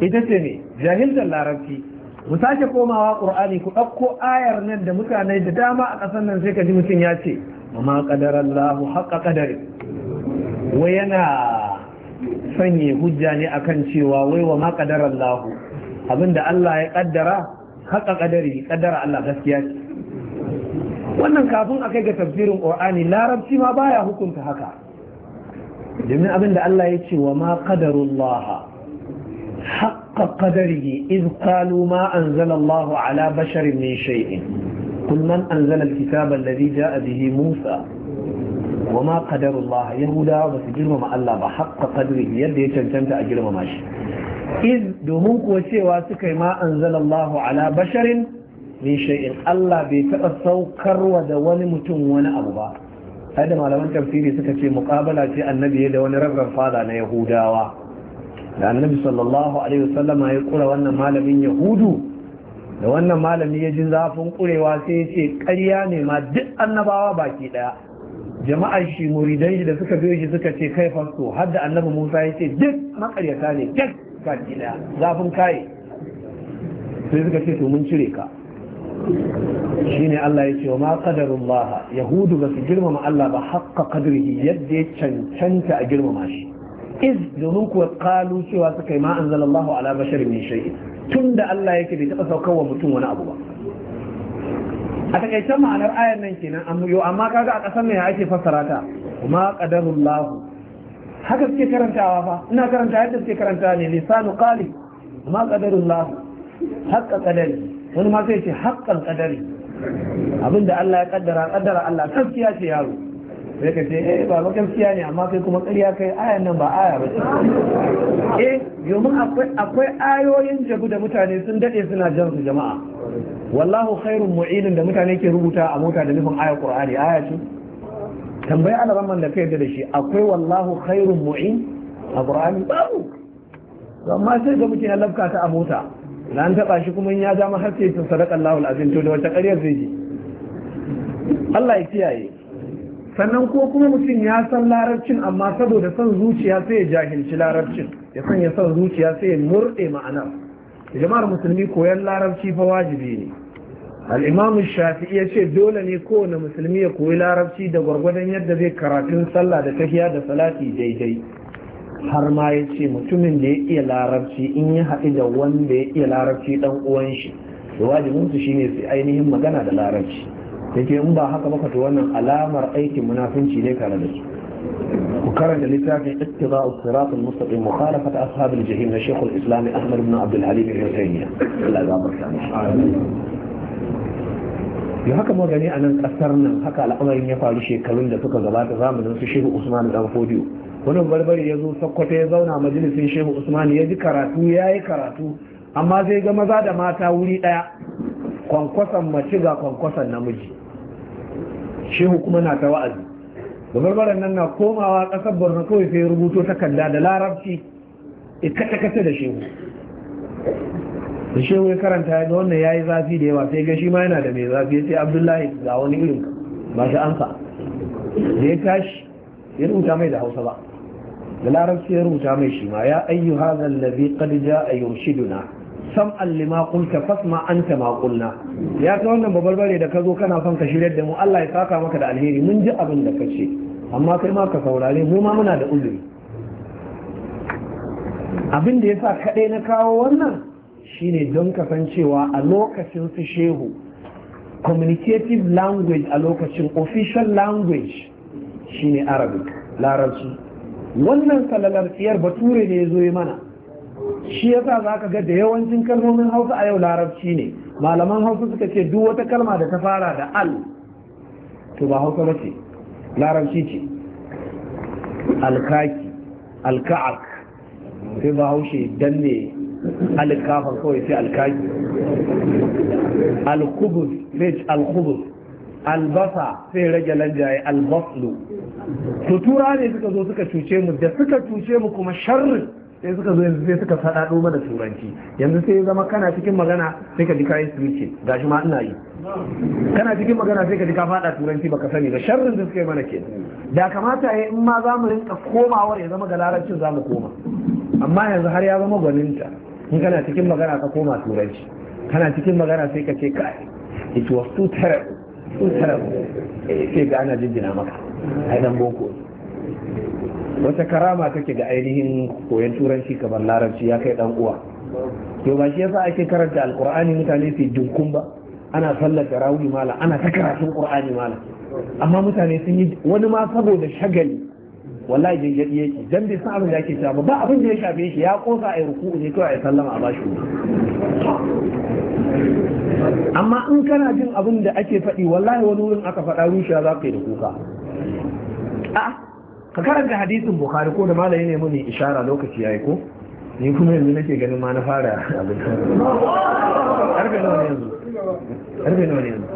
ita ce ne jahiltar larabci mu sake komawa qur'ani ku ɗauko ayar nan da mutane da dama a ƙasar nan sai ka ji mutum ya ce ma qadarallahu haqqa qadari wai yana sanye hujja ne akan cewa wai wa ma qadarallahu abinda Allah ya kaddara haqqa qadari kaddara Allah gaskiya ce wannan kafin a kai ga tafsirin qur'ani larabci ma baya hukunta haka domin abinda Allah ya ce wa ma qadarullaha حق قدره إذ قالوا ما أنزل الله على بشر من شيء قل من أنزل الكتاب الذي جاء به موسى وما قدر الله يهودا وسجرم مع الله بحق قدره يد يتنتمت أجرم ماشي إذ دومنك وسيوا سكي ما أنزل الله على بشر من شيء الله بيتأثو كرود ولمتم ونأبو هذا ما لمن تفسيري سكتي مقابلة النبي يد ونرغب فاضع يهوداوا da annabi sallallahu alaihi wasallama ya kura wannan malamin yahudu da wannan malami ya ji zafin kurewa sai ya ce ƙarya ne ma duk annabawa baki ɗaya jama'ar shi muridan shi da suka biyo shi suka ce kai fasto har da annabi musa ya ce duk makaryata ne duk baki ɗaya zafin kaye sai suka ce to mun cire ka shine Allah ya ce wa ma qadarullah yahudu ba su girmama Allah ba haqqa qadrihi yadda ya cancanta a girmama shi iz domin kuwa kalu cewa suka yi ma anzalallahu ala bashar min Tun da Allah yake bai taba saukar wa mutum wani abu ba a takaicen ma'anar ayar nan kenan yo amma kaga a kasar ne ake fassara ta ma lahu. haka suke karantawa fa ina karanta yadda suke karantawa ne lisanu qali ma lahu. Haƙƙa qadari wani ma sai ce haqqan abinda Allah ya ƙaddara, ƙaddara Allah gaskiya ce yaro sai ka ce eh ba ba gaskiya ne amma kai kuma ƙarya kai ayan nan ba aya ba ce eh domin akwai ayoyin jabu da mutane sun dade suna jan su jama'a wallahu khairun mu'inin da mutane ke rubuta a mota da nufin aya qur'ani aya ce tambayi alaman da kai da shi akwai wallahu khairun mu'in a qur'ani babu amma sai ga mutane ya lafka ta a mota Na an taba shi kuma ya zama har sai sun sadaka Allahul azim to da wata ƙarya zai ji Allah ya kiyaye sannan ko kuma mutum ya san larabcin amma saboda son zuciya sai ya jahilci larabcin ya sanya son zuciya sai ya murɗe ma'ana. jama'ar musulmi koyan larabci fa wajibi ne al'imam shafi'i ya ce dole ne kowane musulmi ya koyi larabci da gwargwadon yadda zai karatun sallah da tahiya da salati daidai har ma ya ce mutumin da ya iya larabci in ya haɗu da wanda ya iya larabci ɗan uwan shi wajibinsu shine su ainihin magana da larabci yake in ba haka baka ta wannan alamar aikin munafinci ne kare da su ku karanta littafin ittiba'u sirat al-mustaqim mukhalafat ashab jahim na Sheikh al-Islam Ahmad ibn Abdul Halim ibn Taymiyyah Allah ya barka yau haka mu gani a nan kasar nan haka al'amarin ya faru shekarun da suka gabata zamanin su Shehu Usman dan Fodiyo wani barbari ya zo Sokoto ya zauna majalisin Shehu Usman ya ji karatu yayi karatu amma zai ga maza da mata wuri daya kwankwasan mace ga kwankwasan namiji shehu kuma na ta wa'azi babarbaran nan na komawa ƙasar borno kawai sai rubuto takarda da larabci kata kata da shehu da shehu ya karanta ya ga wannan ya yi zafi da yawa sai gashi ma yana da mai zafi ya ce abdullahi ga wani irin ba shi amsa da ya tashi ya rubuta mai da hausa ba da larabci ya rubuta mai shi ma ya ayyu hazan labi qad ja'a yurshiduna sam'an lima tafas fasma anta ma kulna ya ka wannan babalbare da ka zo kana son ka shiryar da mu Allah ya saka maka da alheri mun ji abin da kace amma kai ma ka saurare mu ma muna da uzuri abin da yasa kaɗai na kawo wannan shine don cewa a lokacin su shehu communicative language a lokacin official language shine arabic larabci wannan tiyar bature ne ya zo mana shi ya sa za ka ga da yawancin kalmomin hausa a yau larabci ne malaman hausa suka ce duk wata kalma da ta fara da al to ba hausa ba ce larabci ce alkaki alka'ak sai ba haushe danne alkafa kawai sai alkaki alkubus sai alkubus albasa sai rage lanjaye albaslu to tura ne suka zo suka cuce mu da suka cuce mu kuma sharrin sai suka zo yanzu sai suka doma da turanci yanzu sai ya zama kana cikin magana sai ka ji kayi ga shi ma ina yi kana cikin magana sai ka ji ka faɗa turanci baka sani da sharrin da suka yi mana ke da kamata ya in ma za mu rinka komawar ya zama ga larabcin za mu koma amma yanzu har ya zama gwaninta in kana cikin magana ka koma turanci kana cikin magana sai ka ce kai it was too terrible too terrible eh, sai ga ana jinjina maka ai dan boko wata karama take ga ainihin koyon turanci kamar larabci ya kai dan uwa to ba shi yasa ake karanta alqur'ani mutane su dunkun ba ana sallar tarawih mala ana ta karatun qur'ani mala amma mutane sun yi wani ma saboda shagali wallahi jin ya yake dan bai san abin da yake cewa ba abin da ya shafe shi ya kosa ai ruku'u ne kawai ai sallama a bashi amma in kana jin abin da ake faɗi wallahi wani wurin aka faɗa rusha za ka yi da kuka a ka karanta hadisin bukhari ko da malaye ne mun ishara lokaci yayi ko ni kuma yanzu nake ganin ma na fara abin karfe nawa ne yanzu karfe nawa ne yanzu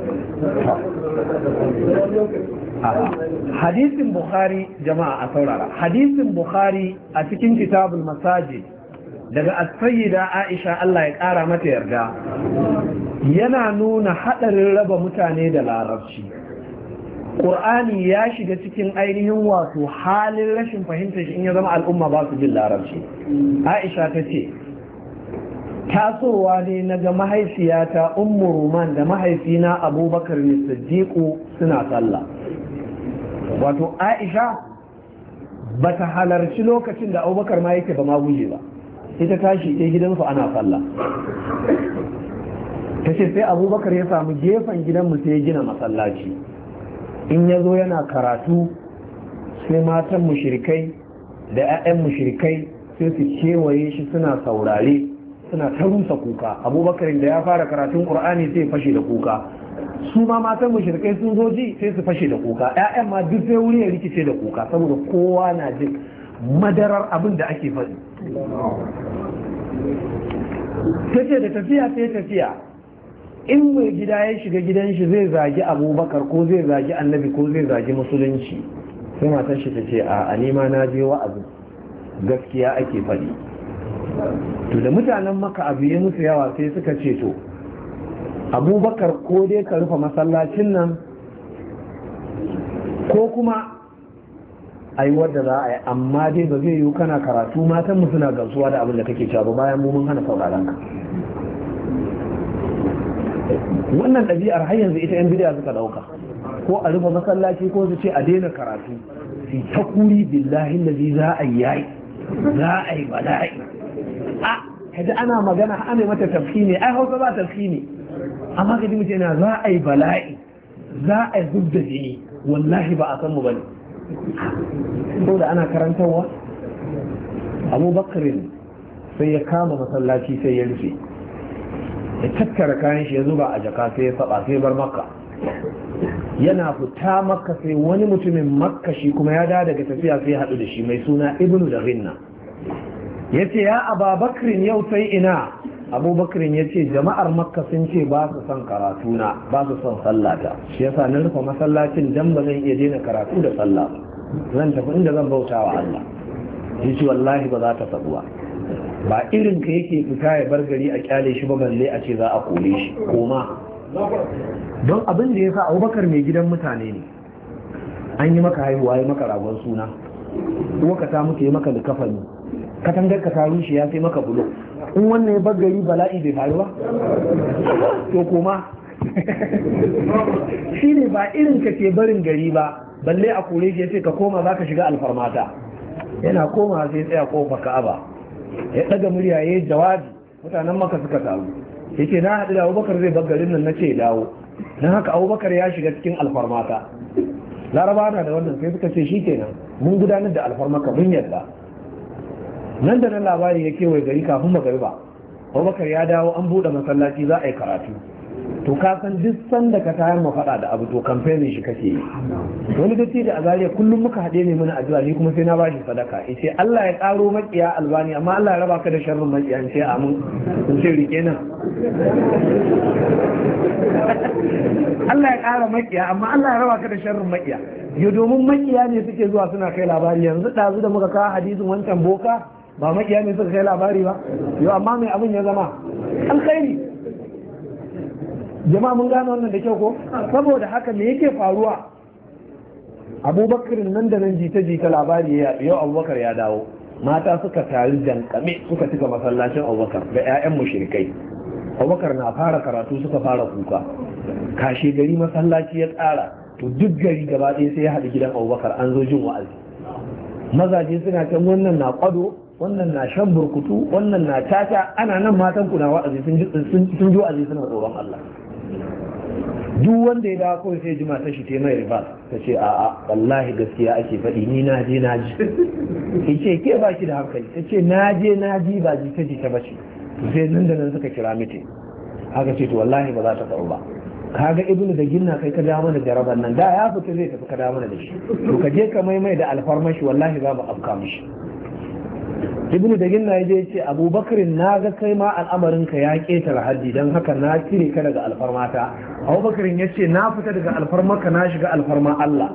hadisin bukari jama'a a saurara hadisin bukari a cikin kitabul masajid daga asayida aisha Allah ya kara mata yarda yana nuna hadarin raba mutane da larabci ƙur'ani ya shiga cikin ainihin wato halin rashin fahimta shi in ya zama al'umma ba su jin larabci aisha ta ce tasowa ne na ga mahaifiyata ummu roman da mahaifina abubakar ne siddiqu suna sallah wato aisha ba ta halarci lokacin da abubakar ma yake ba ma guje ba ita tashi ke gidansu ana sallah ta ce sai abubakar ya samu gefen gidanmu sai ya gina masallaci in ya zo yana karatu sai matan mushirikai da 'ya'yan mushirikai sai su kewaye shi suna saurare suna ta rusa kuka abubakarin da ya fara karatun ƙur'ani sai fashe da kuka su ma matan mushirikai sun zo ji sai su fashe da kuka 'ya'yan ma duk sai wuri ya rikice da kuka saboda kowa na jin madarar abin da ake faɗi da tafiya sai tafiya in mai gida ya shiga gidan shi zai zagi abubakar ko zai zagi annabi ko zai zagi musulunci sai matan shi ta ce a anima na je wa'azi gaskiya ake faɗi to da mutanen maka abu ya musu yawa sai suka ce to abubakar ko dai ka rufe masallacin nan ko kuma ai wadda za a yi amma dai ba zai yiwu kana karatu matan mu suna gamsuwa da abin da kake cewa bayan mu mun hana sauraron ka wannan ɗabi'ar har yanzu ita yan bidiya suka ɗauka ko a rufe masallaci ko su ce a daina karatu fi ta kuri billahi na lazi za a yayi za a yi bala'i a kaji ana magana a ana mata tafki ne ai hausa ba tafki ne amma kaji mutum na za a yi bala'i za a yi zub da jini wallahi ba a san mu bane saboda ana karantarwa abubakar sai ya kama masallaci sai ya rufe ya tattara kayan shi ya zuba a jaka sai ya saba sai bar makka yana fita makka sai wani mutumin makka shi kuma ya da daga tafiya sai haɗu da shi mai suna ibnu da rinna ya ce ya ababakirin yau sai ina Abubakirin ya ce jama'ar makka sun ce ba su son karatuna ba su son sallata shi yasa na rufe masallacin dan ba zan iya daina karatu da sallah zan tafi inda zan bauta wa Allah ya wallahi ba za ta sabuwa ba irin ka yake fita ya bar gari a kyale shi ba balle a ce za a kore shi koma don abin da ya sa abubakar mai gidan mutane ne an yi maka haihuwa ya maka ragon suna kuma ka samu ka yi maka likafani katangar ka taru shi ya sai maka bulo in wannan ya bar gari bala'i bai faru ba to koma shi ne ba irin ka ke barin gari ba balle a kore shi ya ce ka koma za ka shiga alfarmata yana koma sai tsaya kofa ka'aba ya daga murya ya jawabi mutanen maka suka Ya yake na haɗu da abubakar zai bar garin nan na ce dawo don haka abubakar ya shiga cikin alfarmata laraba na da wannan sai suka ce shi kenan mun gudanar da alfarmaka mun yadda. nan da nan labari ya kewaye gari kafin magariba abubakar ya dawo an buɗe masallaci za a yi karatu to ka san duk sanda ka tayar mu faɗa da abu to kamfani shi kake yi wani dattijo da azariya kullum muka haɗe ne mana addu'a ni kuma sai na bashi sadaka in ce Allah ya ƙaro maƙiya albani amma Allah ya raba ka da sharrin maƙiya in ce amin in ce rike nan Allah ya ƙara maƙiya amma Allah ya raba ka da sharrin maƙiya yo domin maƙiya ne suke zuwa suna kai labari yanzu ɗazu da muka kawo hadisin wancan boka ba maƙiya ne suka kai labari ba yo amma mai abin ya zama alkhairi jama'a mun gane wannan da kyau ko saboda haka me yake faruwa abubakar nan da nan jita jita labari ya yau abubakar ya dawo mata suka tari dankame suka cika masallacin abubakar Ga 'ya'yan mushrikai abubakar na fara karatu suka fara kuka kashe gari masallaci ya tsara to duk gari gaba ɗaya sai ya haɗu gidan abubakar an zo jin wa'azi mazaje suna can wannan na kwado wannan na shan burkutu wannan na tata ana nan matan ku na wa'azi sun ji wa'azi suna tsoron Allah duk wanda ya dawo kawai sai jima ta shi ta mai riba ta ce a'a wallahi gaskiya ake faɗi ni na je na ji ki ce ke ba shi da hankali ta ce na je na ji ba ji ta ji ta sai nan da nan suka kira miti haka ce to wallahi ba za ta faru ba kaga ibnu da gina kai ka da mana jaraban nan da ya fita zai tafi ka da da shi to ka je ka maimai da alfarmashi wallahi za mu afka mishi ibnu da ginna ya ce abubakarin na ga kai ma al'amarin ka ya keta haddi don haka na cire ka daga alfarmata abubakarin ya ce na fita daga alfarmaka na shiga alfarma Allah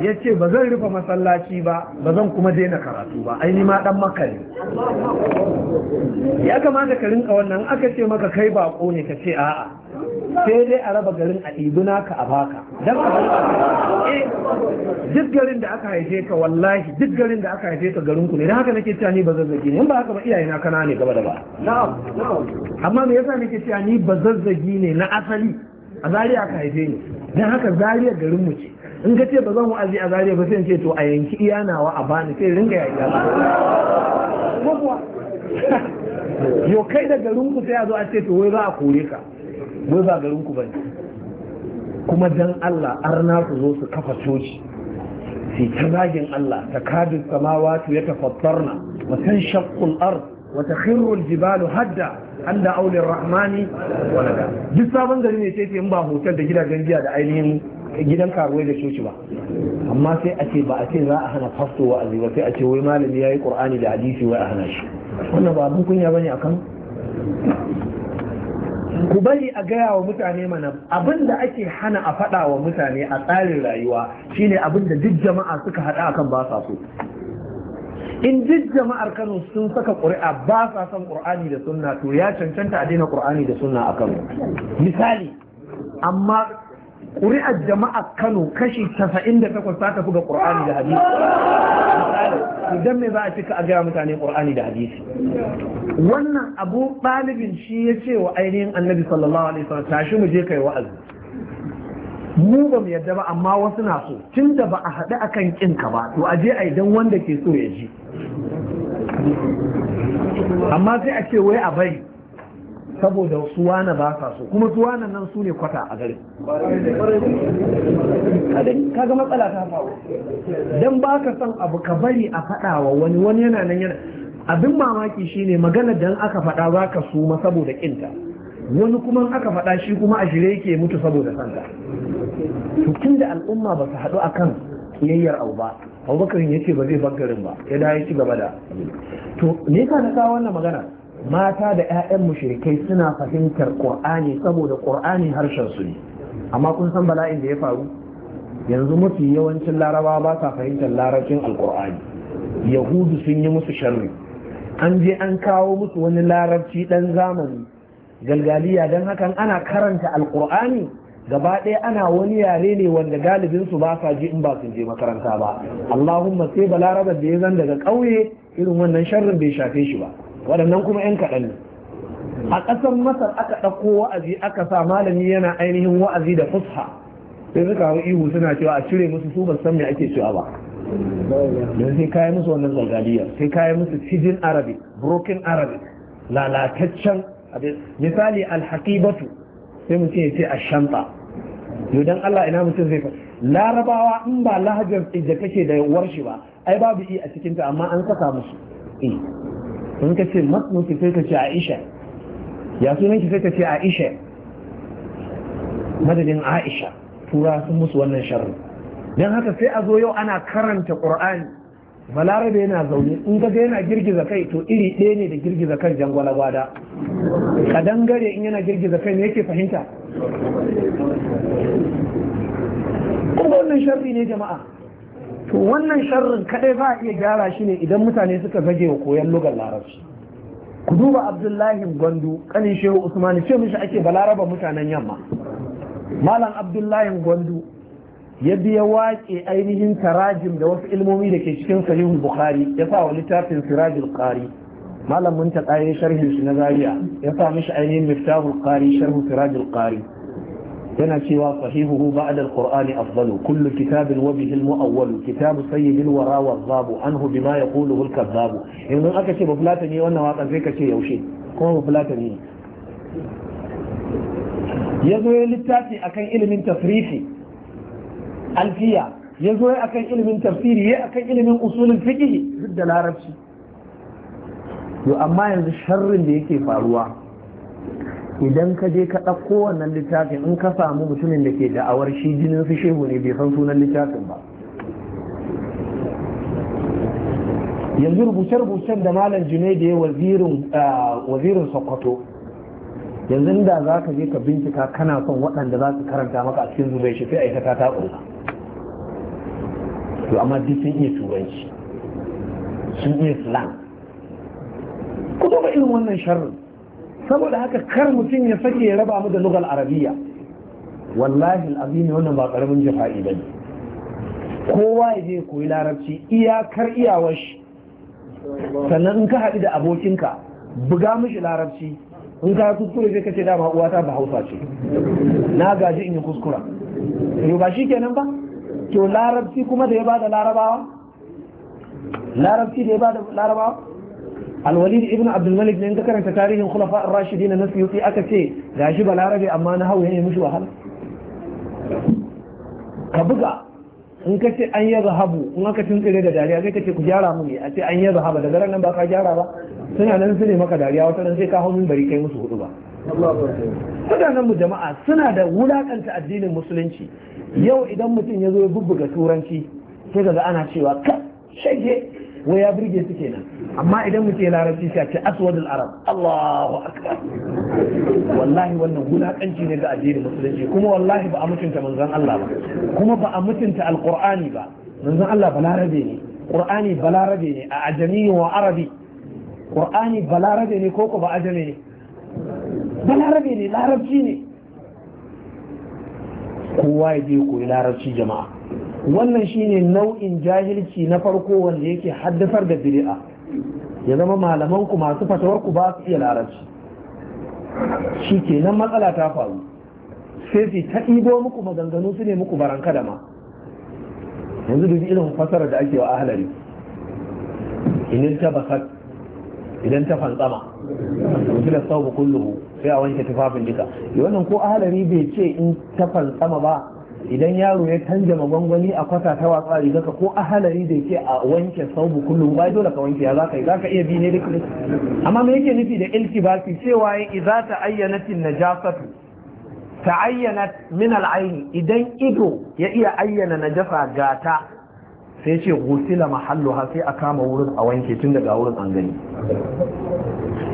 ya ce ba zan rufe masallaci ba ba zan kuma daina karatu ba aini ma dan maka ne ya kamata ka rinka wannan aka ce maka kai bako ne ka ce a'a sai dai a raba garin a ɗibina ka a baka don ka eh, duk garin da aka haife ka wallahi duk garin da aka haife ka garin ku ne don haka nake cewa ni ba zazzagi ne in ba haka ba iyaye na kana ne gaba da ba amma me yasa nake cewa ni ba zazzagi ne na asali a zariya aka haife ni don haka zariya garin mu ce in ka ce ba zan wa'azi a zariya ba sai ce to a yanki iya nawa a bani sai ringa ya iyana ko kuwa yo kai da garin ku sai a zo a ce to wai za a kore ka wai ba garin ku bane kuma dan Allah arna su zo su kafa coci sai ta zagin Allah ta kadu samawati ya tafattarna wa tan shaqqul ard wa jibalu hadda an da aulin rahmani walada duk sabon gari ne ce ce in ba hotel da gidajen giya da ainihin gidan karuwai da coci ba amma sai a ce ba a ce za a hana fasto wa ba sai a ce wai malami ya yi ƙur'ani da hadisi wai a hana shi wannan ba abin kunya bane akan ku bari a gaya wa mutane mana abin da ake hana a faɗa wa mutane a tsarin rayuwa shine abin da duk jama'a suka hada akan ba sa so in duk jama'ar Kano sun saka ƙuri'a ba sa son ƙur'ani da sunna to ya cancanta a daina ƙur'ani da sunna a Kano misali amma ƙuri'ar jama'a Kano kashi 98 ta tafi ga Qur'ani da hadisi idan me za a cika a gaya mutane Qur'ani da hadisi wannan abu ɗalibin shi ya ce wa ainihin annabi sallallahu alaihi wasallam tashi mu je kai wa'azi mu ba mu yadda ba amma wasu na so tun da ba a haɗu akan kin ka ba to a je a idan wanda ke so ya ji amma sai a ce wai a bari saboda suwa na ba sa so kuma suwa nan su ne kwata a garin kaga matsala ta faru dan ba ka son abu ka bari a faɗa wa wani wani yana nan yana abin mamaki shine magana dan aka faɗa za ka suma saboda kinta wani kuma aka faɗa shi kuma a shirye yake mutu saboda santa to da al'umma ba su haɗu akan kiyayyar abu ba abubakar ya ce ba zai bangarin ba ya da ya ci gaba da to ne ka na wannan magana mata da 'ya'yan mushrikai suna fahimtar qur'ani saboda qur'ani harshen su ne amma kun san bala'in da ya faru yanzu mafi yawancin larabawa ba sa fahimtar larabcin alqur'ani yahudu sun yi musu sharri an je an kawo musu wani larabci dan zamani galgaliya don hakan ana karanta alqur'ani gaba ɗaya ana wani yare ne wanda galibin su ba sa ji in ba su je makaranta ba allahumma sai balarabar da ya zan daga ƙauye irin wannan sharrin bai shafe shi ba waɗannan kuma 'yan kaɗan ne a ƙasar masar aka ɗauko wa'azi aka sa malami yana ainihin wa'azi da fusha sai suka hau ihu suna cewa a cire musu su ban san me ake cewa ba don sai kayi musu wannan zargaliya sai kayi musu cijin arabic broken arabic lalataccen misali alhaƙibatu sai mutum ya ce a shanta yodan Allah ina mutum zai faɗi larabawa in ba lahajar da kake da warshi ba ai babu i a cikinta amma an saka musu in ka ce matsuki sai ka ce aisha ya sunan ki sai ka ce aisha madadin aisha tura sun musu wannan sharri don haka sai a zo yau ana karanta ƙur'ani balarabe yana zaune in ka ga yana girgiza kai to iri ɗaya ne da girgiza kan jangwala gwada kadan gare in yana girgiza kai ne yake fahimta kuma wannan sharri ne jama'a to wannan sharrin kadai za a iya gyara shi ne idan mutane suka zage wa koyon lugar larabci ku duba abdullahi gwandu kanin shehu usmani ce mishi ake balaraba mutanen yamma malam abdullahi gwandu ya biya waƙe ainihin tarajim da wasu ilmomi da ke cikin sahihul bukhari ya sa wa littafin sirajul qari malam mun ta ƙare sharhin shi na zaria ya sa mishi ainihin miftahul qari sharhu sirajul qari دنا سوى صحيحه بعد القرآن أفضل كل كتاب وبه المؤول كتاب سيد الورى والضاب عنه بما يقوله الكذاب إن من أكشي بفلاتني وأنا أكشيك شيء يوشي كون بفلاتني يزوى للتاتي أكن إلم تفريفي ألفية يزوى أكن من تفسيري أكن من أصول الفقه ضد العربي يؤمن الشر اللي يكفى الله idan ka je ka ɗauko wannan littafin in ka samu mutumin da ke da'awar shi jinin su shehu ne bai san sunan littafin ba yanzu rubuce-rubucen da malam june da ya wazirin sokoto yanzu da za ka je ka bincika kana son waɗanda za su karanta maka a cikin zubai shi sai yi ta ƙunga to amma duk sun iya turanci sun iya slang ku ba irin wannan sharrin saboda haka kar mutum ya sake ya raba mu da lugal arabiya wallahi al'azimi wannan ba karamin ba bane kowa ya je koyi larabci iyakar iyawar sannan in ka haɗu da abokinka buga mishi larabci in ka kuskure sai ka ce dama uwata ba hausa ce na gaji in yi kuskura yau ba shi kenan ba to larabci kuma da ya bada larabawa larabci da ya bada larabawa alwalid ibn abdulmalik ne in ka karanta tarihin khulafa ar na suyuti aka ce gashi balarabe amma na hau yana mishi wahala ka buga in ka ce an yaba habu in aka da dariya kai kace ku gyara mu ne a ce nan ba ka gyara ba suna nan su ne maka dariya wata nan sai ka hau bari kai musu hudu ba mutanen mu jama'a suna da wulakanta addinin musulunci yau idan mutum ya zo ya bubbuga turanci sai kaga ana cewa ka shege wai ya burge su kenan amma idan mu ce larabci sai a ce aswadul arab Allahu akbar wallahi wannan wulakanci ne ga addinin musulunci kuma wallahi ba a mutunta manzon Allah ba kuma ba a mutunta alqur'ani ba manzon Allah balarabe ne qur'ani balarabe ne a ajami wa arabi qur'ani balarabe ne ko ko ba ajami ne balarabe ne larabci ne kowa ya je koyi larabci jama'a wannan shine nau'in jahilci na farko wanda yake haddasar da bid'a ya zama malaman ku masu fatawar ku ba su iya larabci shi kenan matsala ta faru sai su ta ɗibo muku maganganu su ne muku baranka da ma yanzu duk irin fasarar da ake wa ahalari idan ta basar idan ta fantsama mutu da sau kulluhu sai a wanke tufafin duka wannan ko ahalari bai ce in ta fantsama ba idan yaro ya canja magwangwani a kwata ta watsa riga ka ko ahalari da yake a wanke saubu kullum ba dole ka wanke ya zaka yi zaka iya bi ne duk amma me yake nufi da iltibasi cewa ya idza ta'ayyanat najasatu ta'ayyanat min al idan ido ya iya ayyana najasa gata sai ce gusila ha sai a kama wurin a wanke tun daga wurin an gani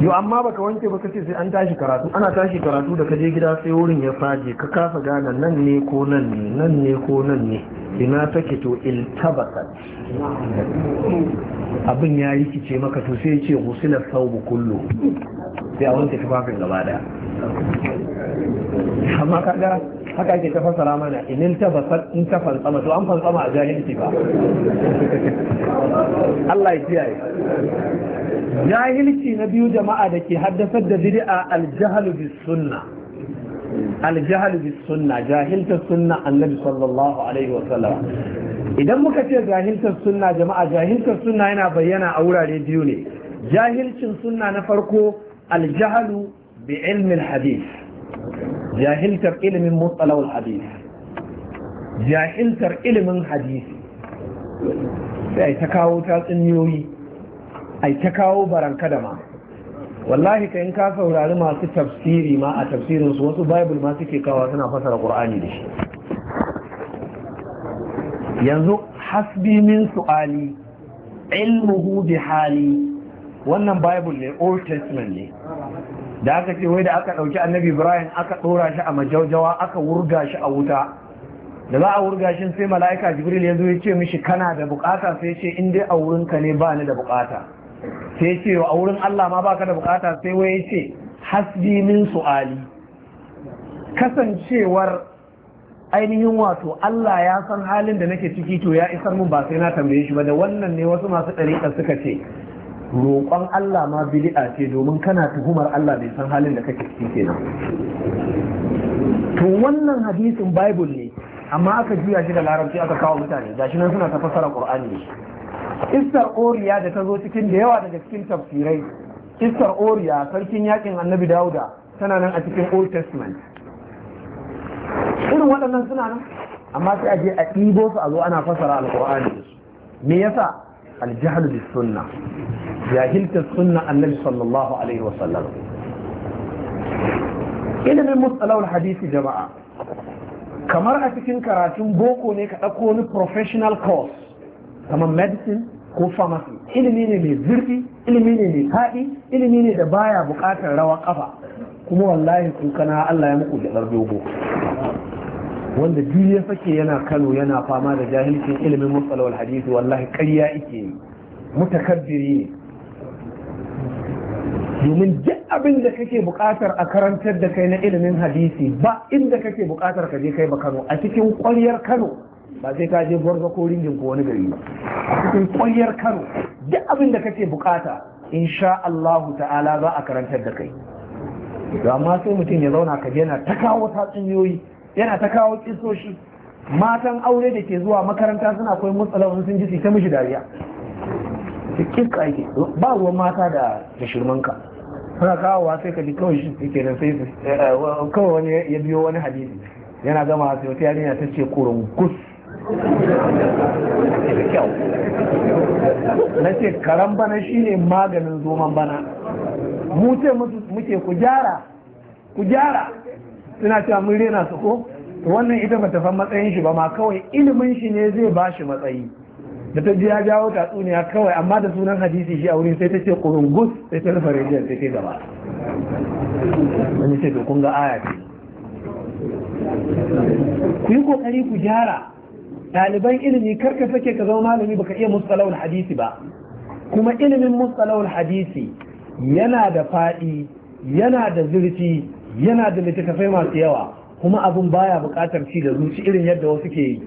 yo amma baka wanke ba kace sai an tashi karatu ana tashi karatu da kaje gida sai wurin ya faje ka kasa gane nan ne ko nan ne nan ne ko nan ne ina take to iltabaqat abin ya rikice maka to sai ce husila saubu kullu sai a wanke tufafin gaba daya amma kaga haka ake ta fasara mana inin ta in ta fantsama to an fantsama a jahilci ba Allah ya kiyaye jahilci na biyu jama'a da ke haddasar da bid'a aljahalu bis sunna aljahalu bis sunna jahilta sunna annabi sallallahu alaihi wasallam idan muka ce jahiltar sunna jama'a jahiltar sunna yana bayyana a wurare biyu ne jahilcin sunna na farko aljahalu bi ilmin hadith jahiltar ilimin mutsalawul hadith jahiltar ilimin hadisi sai ta kawo tatsuniyoyi ai ta kawo baranka da ma wallahi ka in ka saurari masu tafsiri ma a tafsirin su wasu bible ma suke kawo suna fasara qur'ani da shi yanzu hasbi min su'ali ilmuhu bi hali wannan bible ne old testament ne da aka ce wai da aka ɗauki annabi ibrahim aka dora shi a majaujawa aka wurga shi a wuta da za a wurga shi sai mala'ika jibril yanzu ya ce mishi kana da bukata sai ce in dai a wurinka ne ba ni da bukata sai ce a wurin Allah ma baka da bukata sai waye ce hasbi min su'ali kasancewar ainihin wato Allah ya san halin da nake ciki to ya isar mun ba sai na tambaye shi ba da wannan ne wasu masu ɗariƙa suka ce roƙon Allah ma bili'a ce domin kana tuhumar Allah bai san halin da kake ciki kenan to wannan hadisin bible ne amma aka juya shi da larabci aka kawo mutane gashi nan suna ta qur'ani istar oriya da ta zo cikin da yawa daga cikin tafsirai istar oriya sarkin yakin annabi dauda tana nan a cikin old testament irin waɗannan suna nan amma sai a je a ɗibo su a zo ana fasara alƙur'ani me yasa aljahlu bis sunna jahilta sunna annabi sallallahu alaihi wasallam ilimin mustalawul hadisi jama'a kamar a cikin karatun boko ne ka ɗauko wani professional course kamar medicine ko famasi ilimi ne mai zurfi ilimi ne mai faɗi ilimi ne da baya buƙatar rawa kafa kuma wallahi kana Allah ya muku jaɗar dogo wanda duk ya sake yana Kano yana fama da jahilcin ilimin musalawal hadisi wallahi ƙarya ike yi mutakabbiri ne domin duk abin da kake buƙatar a karantar da kai na ilimin hadisi ba inda kake buƙatar ka je kai ba Kano a cikin ƙwaryar Kano ba sai ka je borno ko ringin ko wani gari ba a cikin kano duk abin da kake bukata insha Allahu ta'ala za a karantar da kai amma sai mutum ya zauna ka yana ta kawo tatsuniyoyi yana ta kawo kisoshi matan aure da ke zuwa makaranta suna koyi wani sun ji su ta mishi dariya ba ruwan mata da shirmanka suna kawowa sai ka ji kawai shi ke nan sai su. Eh, eh, kawai wani ya biyo wani hadisi yana gama sai wata yarinya ta ce kurungus na ce karan bana shine maganin zoman bana mu ce muke ku gyara ku gyara suna cewa mun rena su ko wannan ita ba tafan matsayin shi ba ma kawai ilimin shi ne zai ba shi matsayi da ta biya jawo jawo tatsuniya kawai amma da sunan hadisi shi a wurin sai ta ce kurungus sai ta rufe rejiyar sai ta gaba wani ce kun ga aya ce ku yi kokari ku gyara ɗaliban ilimi karka sake ka zama malami baka iya mustalahul hadisi ba kuma ilimin mustalahul hadisi yana da faɗi yana da zurfi yana da littattafai masu yawa kuma abun baya buƙatar ci da zuci irin yadda wasu ke yi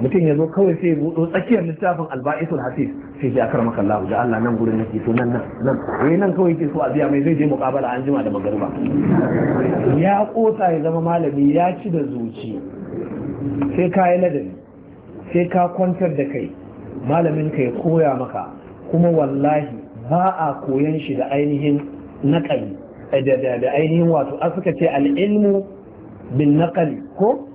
mutum ya zo kawai sai buɗo tsakiyar littafin alba'isul hasis sai ya karma kallahu da Allah nan gurin yake so nan nan nan eh nan kawai ke so a biya mai zai je muqabala an jima da magariba ya kosa ya zama malami ya ci da zuci sai kayi ladabi sai ka kwantar da kai malamin ka ya koya maka kuma wallahi ba a koyan shi da ainihin naƙali da ainihin wato a suka ce al'ilmu bin naƙali ko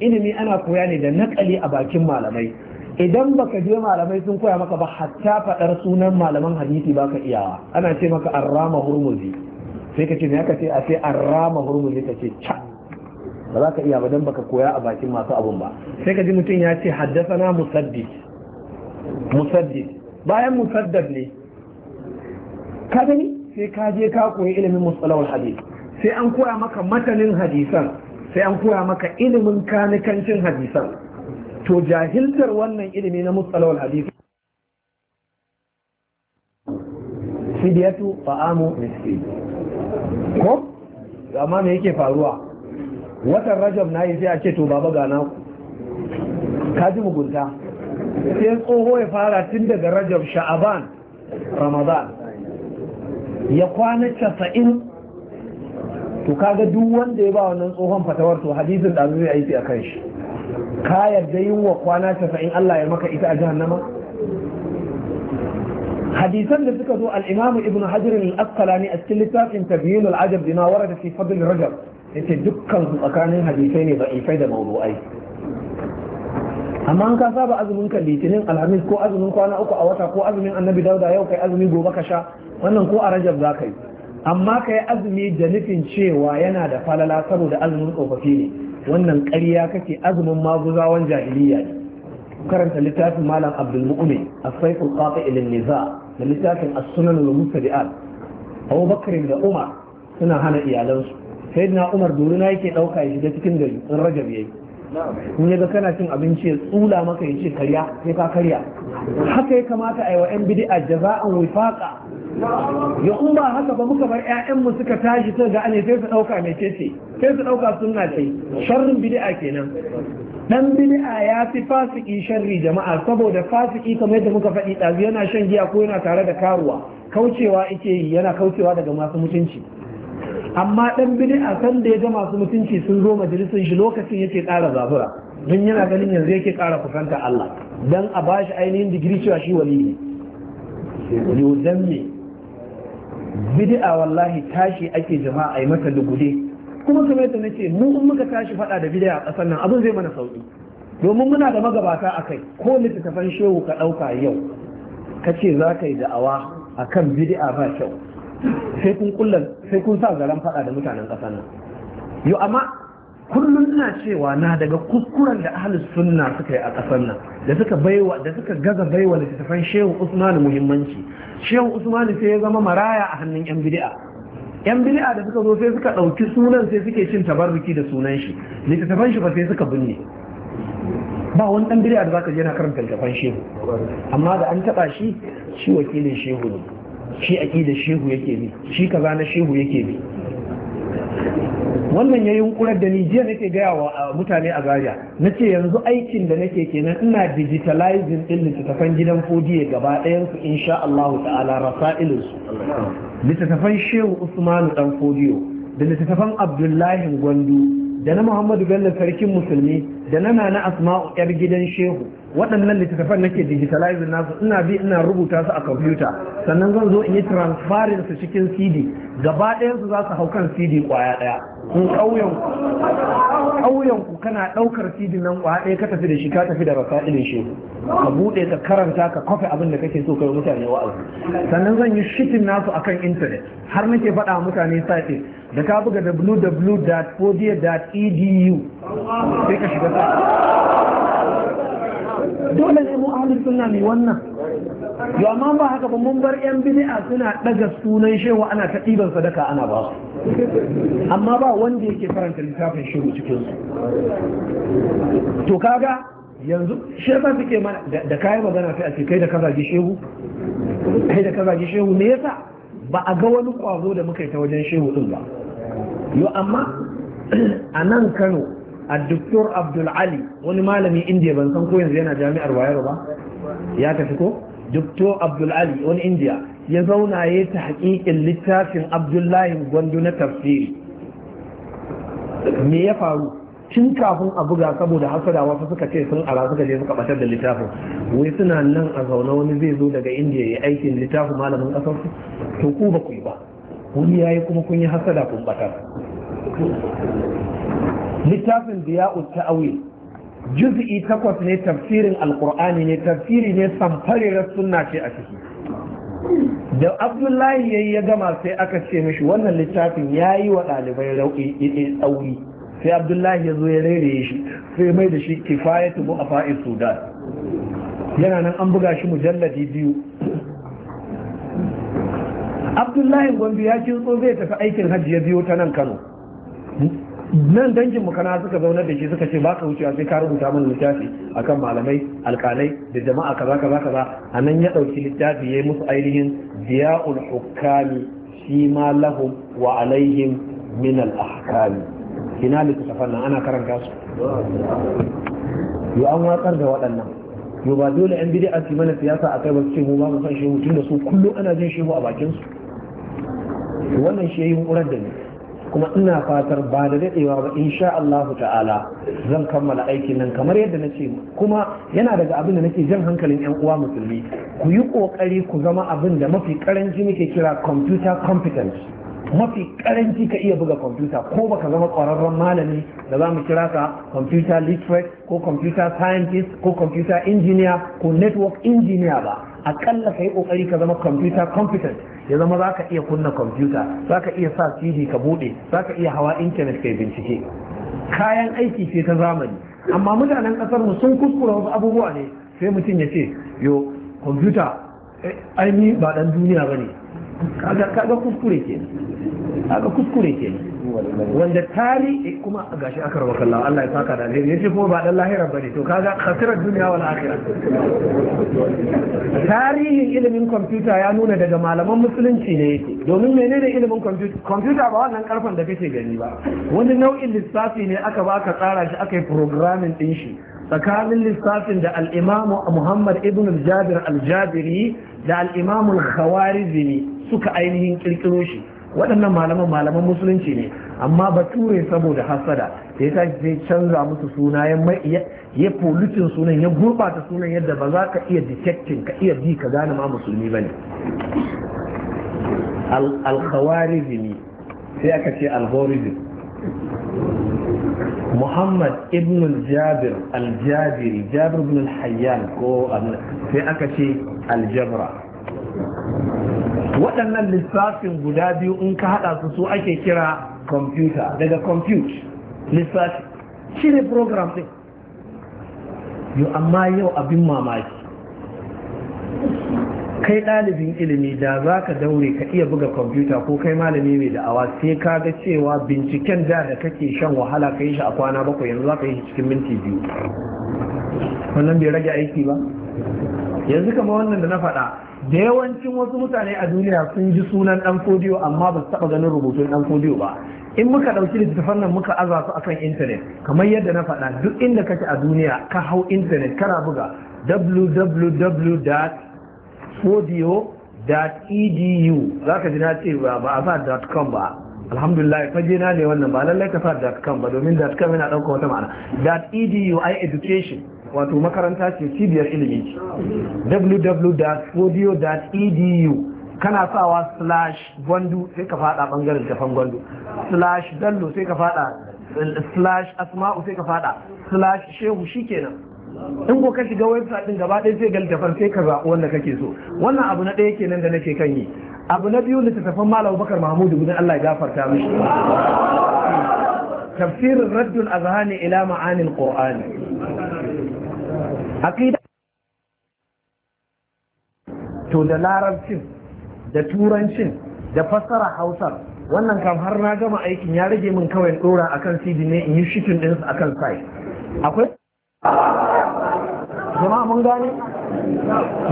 ilimi ana koya ne da naƙali a bakin malamai idan baka je malamai sun koya maka ba hatta faɗar sunan malaman hadisi ba ka iyawa ana ce maka arrama hurmuzi sai ka ce ne aka ce a sai arrama hurmuzi ka ce can ba za ka iya ba don baka koya a bakin masu abun ba sai ka ji mutum ya ce haddasana na musaddid bayan musaddad ne ka gani sai ka je ka koyi ilimin musalawar hadis sai an koya maka matanin hadisan sai an koya maka ilimin kanikancin hadisan to jahiltar wannan ilimi na musalawar hadis fidiyatu fa'amu miskin ko amma me yake faruwa watan rajab na yi sai a ce to baba ga na ka ji mugunta sai tsoho ya fara tun daga rajab sha'aban ramadan ya kwana casa'in to kaga duk wanda ya ba wannan tsohon fatawar to hadisin da zai aiki a kan shi ka yarda yin wa kwana casa'in Allah ya maka ita a jahannama hadisan da suka zo al-imamu ibn hajar al-asqalani a cikin littafin tabyinul ajab dina warada fi fadl rajab yace dukkan tsakanin hadisai ne da'ifai da mawdu'ai amma an ka saba azumin ka litinin alhamis ko azumin kwana uku a wata ko azumin annabi dauda yau kai azumi gobe ka sha wannan ko a rajab za ka yi amma ka yi azumi da nufin cewa yana da falala saboda azumin tsofaffi ne wannan ƙarya kake azumin maguzawan jahiliya ne karanta littafin malam abdul mu'min as qati' niza da littafin as-sunan al-mustadi'at Bakr da Umar suna hana iyalansu sai na umar na yake ɗauka ya shiga cikin gari in rajab yayi in ya ga kana cin abinci ya tsula maka ya ce sai ka karya haka ya kamata a yi wa 'yan bid'a jaza'an wifaqa ya in ba haka ba muka bar mu suka tashi sai ga ne sai su ɗauka mai ce sai su ɗauka sunna ce sharrin bid'a kenan dan bid'a ya fi fasiki sharri jama'a saboda fasiki kamar yadda muka faɗi ɗazu yana shan giya ko yana tare da karuwa kaucewa yake yi yana kaucewa daga masu mutunci amma ɗan bidi'a san da ya ga masu mutunci sun zo majalisun shi lokacin yake ƙara zabura don yana ganin yanzu yake ƙara kusanta Allah don a bashi ainihin digiri cewa shi wali ne yodan me a wallahi tashi ake jama'a yi mata lugude kuma kamar yadda nace mu in muka tashi faɗa da bid'a a ƙasar nan abin zai mana sauƙi. domin muna da magabata a kai, ko littattafan shehu ka ɗauka yau ka ce za ka yi da'awa a akan bidi'a ba kyau sai kun kullan sai kun sa zaren fada da mutanen kasar nan yo amma kullum ina cewa na daga kuskuren da ahli sunna suka yi a kasar nan da suka baiwa da suka gaza baiwa littattafan shehu usman muhimmanci shehu usman sai ya zama maraya a hannun yan bid'a yan bid'a da suka zo sai suka ɗauki sunan sai suke cin tabarruki da sunan shi littattafan shi ba sai suka binne ba wani dan bid'a da zaka je na karanta littattafan shehu amma da an taɓa shi shi wakilin shehu ne shi a ƙida shehu yake bi shi kaza na shehu yake bi wannan ya yunkurar da ni jiya nake gaya wa mutane a Zaria na ce yanzu aikin da nake kenan ina digitalizing din littattafan gidan fodiye gaba ɗayansu insha Allah ta'ala ilinsu. littattafan shehu usmanu dan fodiyo da littattafan abdullahi gwandu da na muhammadu bello sarkin musulmi da na nana asma'u yar gidan shehu waɗannan littattafan nake digitalizing nasu ina bi ina rubuta su a kwamfuta sannan zan zo in yi transferin su cikin cd gaba ɗayan su za su hau kan cd kwaya ɗaya in ƙauyen ku kana ɗaukar cd nan kwaya ɗaya ka tafi da shi ka tafi da rasa ilin shi ka buɗe ka karanta ka kwafe abin da kake so kai mutane wa'azi sannan zan yi shitin nasu akan intanet har nake faɗa mutane site da ka buga www.podia.edu sai ka shiga dole ne mu ahlus sunna ne wannan yo amma ba haka ba mun bar yan bid'a suna daga sunan shehu ana ta ɗiban sadaka ana ba su amma ba wanda yake faranta littafin shehu cikin su to kaga yanzu shefa suke mana da kayi magana sai a ce kai da kaza ji shehu kai da kaza ji shehu me yasa ba a ga wani kwazo da muka yi ta wajen shehu din ba yo amma a nan Kano الدكتور عبد العلي wani malami indiya ban san كو ينزو yana jami'ar وايرو ba ya tafi ko عبد abdul ali wani indiya ya zauna ya ta الله littafin abdullahi gwandu na me ya faru tun kafin a buga saboda da wasu suka ce sun ara suka je suka batar da littafin wai suna nan a zaune wani zai zo daga indiya ya aikin littafin malamin ƙasar su to ku ba ku yi ba wani yayi kuma kun yi hasada kun batar littafin diya'ul ta'awi juz'i takwas ne tafsirin alqur'ani ne tafsiri ne samfarirar sunna ce a ciki da abdullahi yayi ya gama sai aka ce mishi wannan littafin yayi wa ɗalibai rauki tsauri sai abdullahi ya zo ya rere shi sai mai da shi kifayatu mu'afa'is sudan yana nan an buga shi mujalladi biyu abdullahi gombe ya kinso zai tafi aikin hajji ya biyo ta nan kano nan dangin mu kana suka zauna da shi suka ce ba ka wucewa sai ka rubuta mana littafi akan malamai alkalai da jama'a kaza kaza kaza a nan ya ɗauki littafi ya yi musu ainihin diya'ul hukami shi ma lahum wa alaihim min al ahkami ina littafan nan ana karanta su yo an watsar da waɗannan yo ba dole yan bid'a su mana siyasa akai ba su ce mu ba mu san shehu tunda su kullum ana jin shehu a bakin su wannan shehun urar da ne kuma ina fatar ba da daɗewa ba insha Allah ta'ala zan kammala aikin nan kamar yadda na ce kuma yana daga abin da nake jan hankalin yan uwa musulmi ku yi ƙoƙari ku zama abin da mafi ƙaranci ke kira computer competence mafi karanci ka iya buga kwamfuta ko baka zama kwararren malami da za mu kira ka kwamfuta literate ko kwamfuta scientist ko kwamfuta injiniya ko network injiniya ba akalla ka yi kokari ka zama kwamfuta competent ya zama za ka iya kunna kwamfuta za ka iya sa cd ka bude za ka iya hawa intanet kai bincike kayan aiki ce ta zamani amma mutanen kasar mu sun kuskura wasu abubuwa ne sai mutum ya ce yo kwamfuta eh, ai ni ba dan duniya bane aga kaga kuskure ke aga kuskure ke wanda tari eh, kuma gashi aka rawa kallon Allah ya saka da alheri yace kuma ba dan lahira bane to kaga khasirar duniya wal akhirah tarihin ilimin computer ya nuna daga malaman musulunci ne yake domin menene ilimin computer computer ba wannan karfan da kake gani ba wani nau'in lissafi ne aka baka tsara shi aka yi programming din shi tsakanin lissafin da al'imamu Muhammad ibn al-Jabir al-Jabiri da al'imamu al-Khawarizmi suka ainihin kirkiro shi waɗannan malaman malaman musulunci ne amma bature saboda hasada da ya canza musu suna ya pollutin sunan ya gurɓata sunan yadda ba za ka iya detecting ka iya bi ka gane ma musulmi ba ne alkhawarizmi sai aka ce alhorizm muhammad ibn jabir aljabiri jabir ibn hayyan ko sai aka ce aljabra waɗannan lissafin guda biyu in ka haɗa su su ake kira kwamfuta daga kwamfut lissafi shi ne program ɗin yau amma yau abin mamaki kai ɗalibin ilimi da za ka daure ka iya buga kwamfuta ko kai malami mai da'awa sai ka ga cewa binciken da da kake shan wahala ka yi shi a kwana bakwai yanzu za ka yi cikin minti biyu wannan bai rage aiki ba yanzu kama wannan da na faɗa da yawancin wasu mutane a duniya sun ji sunan dan fodiyo amma ba su taba ganin rubutun dan fodiyo ba in muka ɗauki littattafan nan muka aza su akan intanet kamar yadda na faɗa duk inda kake a duniya ka hau intanet kana buga www.fodio.edu za ka ji na ce ba a sa .com ba alhamdulillah faje na ne wannan ba lallai ka sa .com ba domin .com yana ɗauka wata ma'ana .edu i education wato makaranta ce cibiyar ilimi ce www.audio.edu kana sawa slash gwandu sai ka fada bangaren jafan gwandu slash dallo sai ka fada slash asma'u sai ka fada slash shehu shi kenan. in ko ka shiga website din gaba ɗaya sai ga littafan sai ka zaɓi wanda kake so wannan abu na ɗaya kenan da nake kan yi abu na biyu littattafan malam bakar mahmudu gudun Allah ya gafarta mishi tafsirin raddul azhani ila ma'anin qur'ani aqida to da larabcin da turancin da fassara hausar wannan kam har na gama aikin ya rage min kawai dora akan cd ne in yi shitin din akan site akwai jama'a mun gane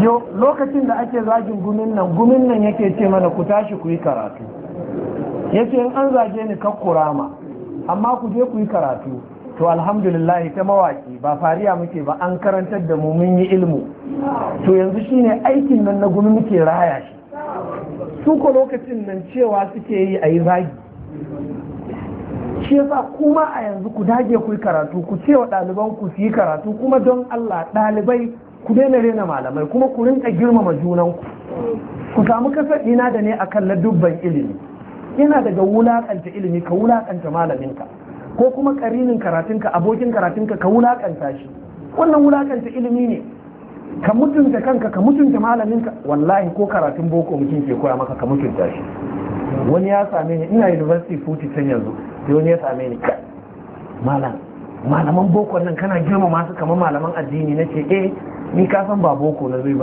yo lokacin da ake zagin gumin nan gumin nan yake ce mana ku tashi ku yi karatu yake in an zage ni kakkurama amma ku je ku yi karatu to alhamdulillah ta mawaki ba fariya muke ba an karantar da mu mun yi ilmu to yanzu shine aikin nan na gumi muke raya shi su ko lokacin nan cewa suke yi a yi zagi. shi yasa kuma a yanzu ku dage ku karatu ku ce wa ɗaliban ku su yi karatu kuma don Allah ɗalibai ku daina rena malamai kuma ku rinka girmama junanku ku samu kasar ina da ne akan ladubban ilimi Ina daga wulakanta ilimi ka wulakanta malaminka ko kuma karinin karatunka abokin karatunka ka wulakanta shi wannan wulakanta ilimi ne ka mutunta kanka ka mutunta malaminka wallahi ko karatun boko mutum ke koya maka ka mutunta shi wani ya same ni ina university futi can yanzu sai wani ya same ni malam malaman boko nan kana girmama masu kamar malaman addini na ce eh ni ka san ba boko na zai